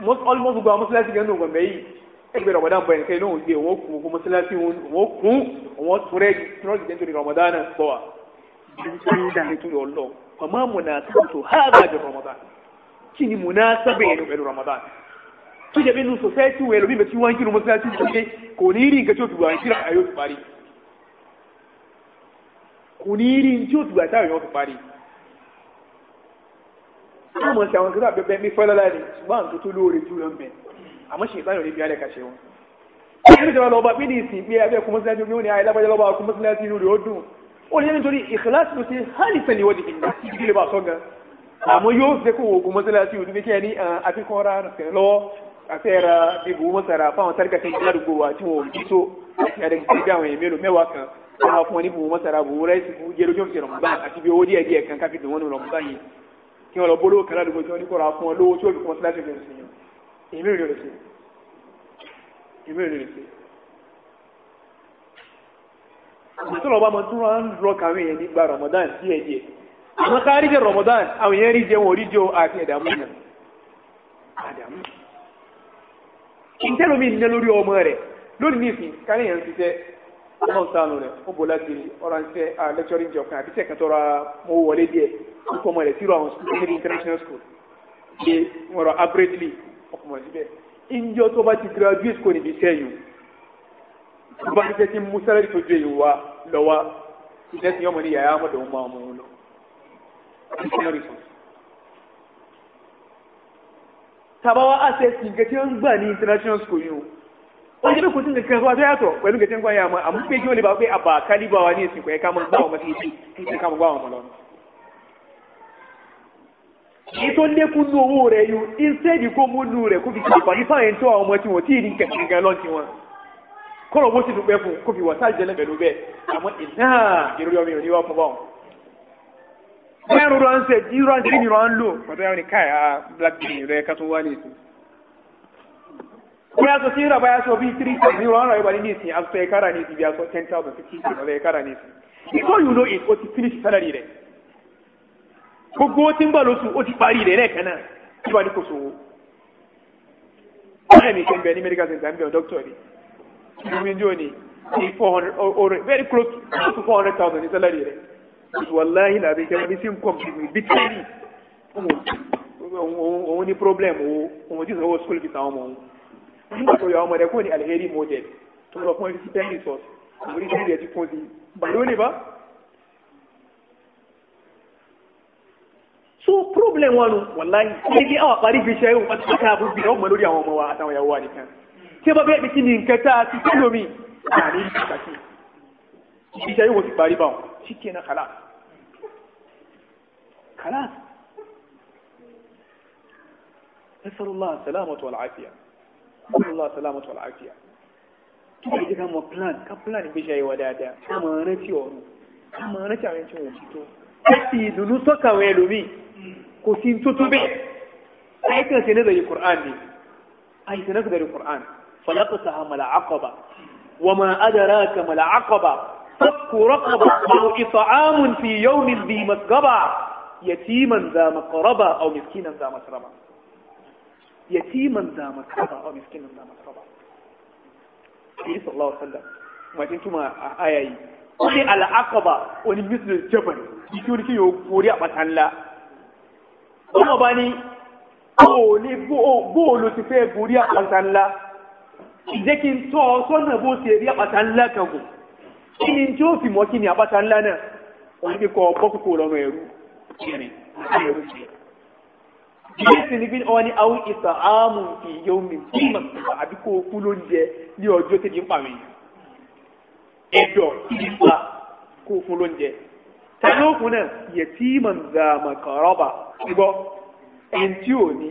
almost gbogbo àwọn mọsálásí gẹ́gẹ́ ní ògbọ̀nbẹ yìí ẹgbẹ́ ramadan bọ ẹnìkan inú òde òun kún òkú mọsálásí òun kún òun túrẹ́ túrọ́ọ̀dì jẹ́ nítorí ramadan bọ̀ wá nítorí ọlọ́ ọmọ amúnà tó hàgà jẹ ramadan kí ni múná sábẹ̀ yẹn pẹ̀lú ramadan tó jẹ́ nínú sọ̀sẹ́tì wẹ̀ lómi bẹ̀ tí wọ́n ń kírun mọsálásí kò ní rí nǹkan tí ó fi wà ń kíra ayé ó fi parí kò ní rí nǹkan tí ó fi wà táwọn èèyàn parí wọ́n mọ̀ sí àwọn kìtà bẹ́bẹ́ ní fọ́lọ́lá rẹ̀ ṣùgbọ́n àwọn tó lóore jù lọ mẹ́ àmọ́ ṣe ìbáyọ̀ níbi alẹ́ kàṣẹ wọn. ẹni tí wọn lọ bá bí ní ìsìn pé abẹ́ kọmọsíláṣí omi ó ní ayélujára lọ́ba kọmọsíláṣí inú rẹ̀ ó dùn ó lè nítorí ìkìláṣí tó ṣe hálìfẹ́ ni wọ́n ti fìyà sí ìdílé bá sọ gan. àmọ́ yóò fẹ́ kó wo kọmọsíláṣí òdúgbé kí ẹni àfikún ra lọ́wọ́ àti ẹ̀rọ ibùdó mọ́sára fáwọn tárìkà kan ìdílé àdúgbò wa tí wọn ò ní tó àti àdẹ́gbẹ́gbẹ́ àwọn èèyàn mélòó mẹ́wàá kan wọn á fún wọn ní ibùdó mọ́sára bùn rẹ́sì fún jẹ́rọ́jọ́ fi rọ̀mùbá àti bí owó díẹ̀ díẹ̀ kan káfíńtì wọn rọ̀mùbá yìí kí wọ́n lọ bó lówó kan ládùúgbò tí wọ́n ní kọ́ra fún ọ lówó tí ó fi kún síláṣẹ́ fi sí yàn èmi ò lè ṣe èmi ò lè ṣe. àgbẹ̀tọ́ lọ́ba máa tún wọn lọ kàwé yẹn nígbà Ramadan díẹ̀ díẹ̀ àmọ́ ká rí jẹ Ramadan o àti ẹ̀dààmú yẹn àdàmú. ìtẹ́lómi ọlọ́run sáànù rẹ̀ ó bò láti ọ̀ránṣẹ́ lẹ́kṣọ́rì jọ kan àbíṣẹ́ kan tọ́ra mo wọlé díẹ̀ ó kọ́ ọmọ rẹ̀ sírò àwọn school ní international school ṣe wọ́n rọ abúrédìlì ọkùnrin síbẹ̀ ìjọ tó bá ti graduate kò níbi iṣẹ́ yìí tó bá ti jẹ́ kí mú sẹ́lẹ̀rì tó ju èyí wá lọ́wọ́ ìjẹ́ ti ọmọ ní yàrá ọmọdé wọn máa mú un lọ. tàbá wa access nǹkan tí wọ́n ń gbà ní international school yìí wani jami'in kusin da suka zuwa ta yato wani ga tangon yamma amma bai ji wani ba bai abba kalibawa ne su kwaye kamun bawa masu yi su kamun bawa malon ní tó lékún ní owó rẹ̀ yóò instead kó mú nú rẹ̀ kó fi ṣàǹfààní fáyẹn tó àwọn ọmọ tí wọ́n tí ìrìn kẹ̀kẹ́ gan lọ́n tí wọ́n kọ́rọ̀ bó sì dúpẹ́ fún kó fi wà sáà jẹ́ lẹ́bẹ̀ẹ́ lóbẹ̀ àmọ́ ìnáà ìrọ̀lẹ́ ọmọ ìrọ̀lẹ́ ọmọ bọ́ọ̀ bẹ́ẹ̀ rọrọ̀ ń sẹ̀ jíra ń sẹ́ ìrọ̀ ń lò pàtó yàrá ní káyà blackberry rẹ̀ ká tó wá ní ìsìn bóyá sọ tíra bóyá sọ bíi three thousand ní wọn rà yóò wà ní nísìn aṣọ ẹ̀ kára nísìn bí aṣọ ten thousand fifteen thousand ẹ̀ kára nísìn before you know it o ti finish salary rẹ̀ gbogbo o ti ń bọ̀ lóṣù o ti parí rẹ̀ lẹ́ẹ̀kan náà kí wàá ní kò sówó ọ̀rẹ́ mi kẹ́ ń bẹ ní medical center ń bẹ dókítà ni ìlú mi jò ní ní four hundred or very close to four hundred thousand ní salary rẹ̀ wàláhì làbí kẹ́ mi sí ń kọ́ mi bí tẹ́lẹ̀ òun ní problem òun ti sanwó school fees àwọn ọmọ òun nígbà tó yọ ọmọ rẹ̀ kúrò ní alheri model tó lọ fún ẹni ten resource orí sí ilẹ̀ tí kún sí bà lónìí bá. so problem wọn nù wàláyé ní kí àwọn àparí fi ṣe ẹ̀hún pàtàkì ká àbúrò bí wọ́n mọ̀ lórí àwọn ọmọ wa àtàwọn ìyàwó wa nìkan tí wọ́n bẹ́ẹ̀ bí kí ni nǹkan tá a ti tẹ́lò mi àárín ìṣàkí ìṣẹ́ yóò ti parí báwọn sí kí ẹ náà kàlá kàlá. نسأل الله السلامة صلى الله سلامة والعافية كيف كان مبلان كان مبلان بشيء ودادا كما نتي ورو كما نتي عين شو نتي أتي دونو سكا ويلو بي كسين توتو بي أي كان سنده القرآن دي أي سنده القرآن فلقتها ملا عقبة وما أدراك ملا عقبة فك رقبة أو إطعام في يوم ذي مسقبة يتيما ذا مقربة أو مسكينا ذا مسربة يتيما ذا مكربة أو مسكينا ذا مكربة صلى الله عليه وسلم ما تنتما آية wani al'aqaba wani misli jabal ike wani kiyo kori a batanla ọmọ bá ní bóòlù oh, ti fẹ́ kori a batanla jẹ́ kí n tọ́ sọ́nà bó ti rí a batanla kan kù kí ni tí ó fi mọ́ kí a batanla náà wọ́n ti kọ́ bọ́kùkù lọ́nà ẹ̀rú ẹ̀rú ṣe jésù ní bí wọn ní àwọn ìsà áàmù ìyẹ omi fún màsùlùmá àbí kó o kú lóúnjẹ ní ọjọ́ tẹbi ń pàmì ẹdọ ìdìbà kó o fún lóúnjẹ tani ó fún náà yẹ tí mà ń zà mà kàn rọba gbọ ẹntì òní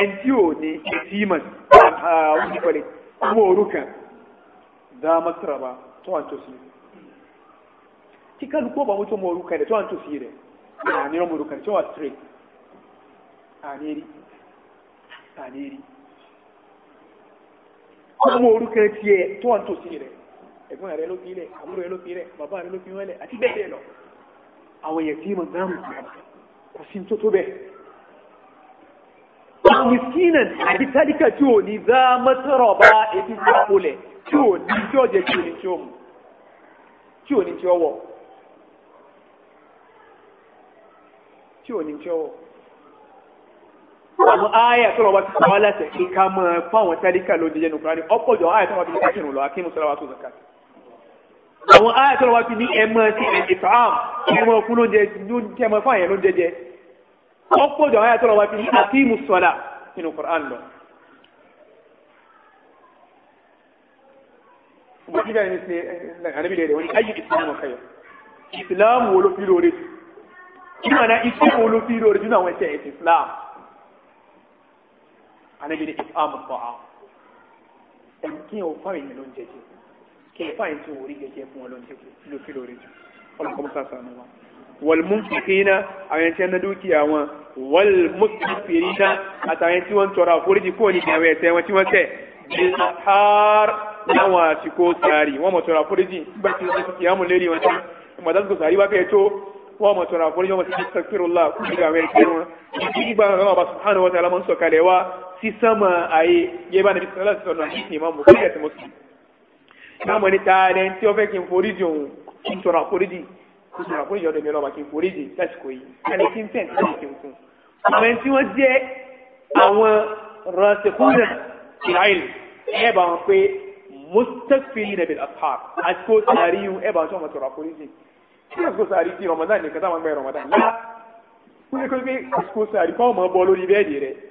ẹntì òní ẹtì mà àwọn ìkọlẹ ọmọ òrukàn zà tó wà sí tí ọba wọn tó mọ òrukàn rẹ tó wà sí rẹ àní ọmọ òrukàn tó wà straight àrírí àrírí ọmọ orúkẹ tí ẹ tó wà nítòsí rẹ ẹ̀gbọ́n rẹ ló fi ilẹ̀ àbúrò rẹ ló fi ilẹ̀ bàbá rẹ ló fi wọ́lẹ̀ àti bẹ́ẹ̀ bẹ́ẹ̀ lọ àwọn èèyàn tí mọ̀ gbáàmù kò sí tó tó bẹ́ẹ̀ àwọn miskinan àti tálíkà tí ò ní zá mọ́tọ́rọ̀ bá etí tí ó tí ò ní tí ó jẹ tí ò ní tí ó mú tí ò ní tí ó wọ̀ tí ò ní tí ó wọ̀ àwọn ayé àti ọlọ́wọ́ ti sàwálà tẹ̀ kí ká máa fún àwọn tẹ́ríkà ló jíjẹ́ nùkúrá ní ọ̀pọ̀ jọ ayé àtàwọn abìlẹ̀ kìrùn lọ akíní sọ́lá tó zaka. àwọn ayé àti ọlọ́wọ́ ti ní ẹ̀mọ́ ti ètò àm ẹ̀mọ́ fún lóúnjẹ ẹ̀mọ́ fún àyẹ̀ lóúnjẹ jẹ ọ̀pọ̀ jọ ayé àti ọlọ́wọ́ ti ní akíní sọ́lá nínú Kùránì lọ. Bùkítà ni ṣe ànábìlẹ̀ rẹ̀ wọ́n ní ayé ìsìlámù kayọ̀. Ìsìlámù wo ló fi lóore? Ìmọ̀nà ìsìlámù wo ló fi lóore nínú àwọn ẹ̀sẹ̀ ìsìlámù? anabi ni ìfàmù tọ́ha ẹni kí yẹn ò fáwọn èèyàn ló ń jẹjẹ kí yẹn fáwọn èèyàn tó orí jẹjẹ fún wọn ló ń jẹjẹ ló fi lórí jù ọlọ́kọ́ musa sànù wa. wàlmùsùkìnà àwọn ẹni tí wọn ná dúkìá wọn wàlmùsùkìnà àtàwọn ẹni tí wọn tọrọ àforíjì kó ní ìdàwẹ̀ ẹ̀ṣẹ̀ wọn tí wọ́n tẹ̀ láwọn àsìkò sàárì wọ́n mọ̀ tọrọ àforíjì nígbà tí wọ́n ti yàmù lérí wọn tán ìgbà tó sàárì wá fẹ́ tó wọ́n mọ̀ tọrọ àforíjì wọn ti sàkírò láà kúrò àwọn ẹ̀ṣẹ̀ wọn ìgbà wọn bá subhanahu wa ta'ala mọ̀ sọ̀kalẹ̀ wá sí sánmà ayé yẹ bá nàbí sọlá sọ náà ní ìmọ̀ mọ̀ sílẹ̀ tí mo sì. náà mo ní ta ẹni tí ó fẹ́ kí n forí jì òun kí n tọrọ àforíjì kí n tọrọ àforíjì ọ̀dọ̀ mi lọ́ba kí n forí jì lásìkò yìí ẹni tí ń tẹ̀ ní ìṣe fún. àwọn ẹni tí wọ́n jẹ́ àwọn rọ̀ṣẹ̀kúnrẹ̀ ìráyìn ẹ bá wọn pé mustapha nabil ashab àsìkò sàárì yìí ẹ bá wọn tí wọ́n tọrọ àforíjì kí àsìkò sàárì ti ramadan nìkan táwọn gbẹ ramadan lá kúlẹ̀kúlẹ̀ àsìkò sàárì kọ́ ọmọ bọ́ lórí bẹ́ẹ̀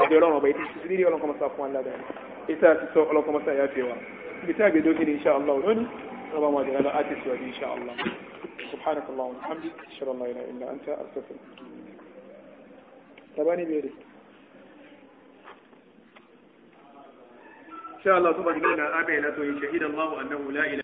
ọ̀dọ̀ ọlọ́run ọba ètò ìṣẹ́sí nílé ọlọ́kọ́ mọ́sá fún aládàá ètò àti sọ ọlọ́kọ́ mọ́sá ìyá fẹ́ wa ibi tí a gbèdó sí ní insha Allah lónìí ọba máa jẹ́ lọ́dọ̀ àti sọ ní insha Allah subhanak Allah wa hamdi ṣọlá la ilaha illa anta astaghfir taba ni bere insha Allah subhanahu wa ta'ala abai la to shahida Allah annahu la ilaha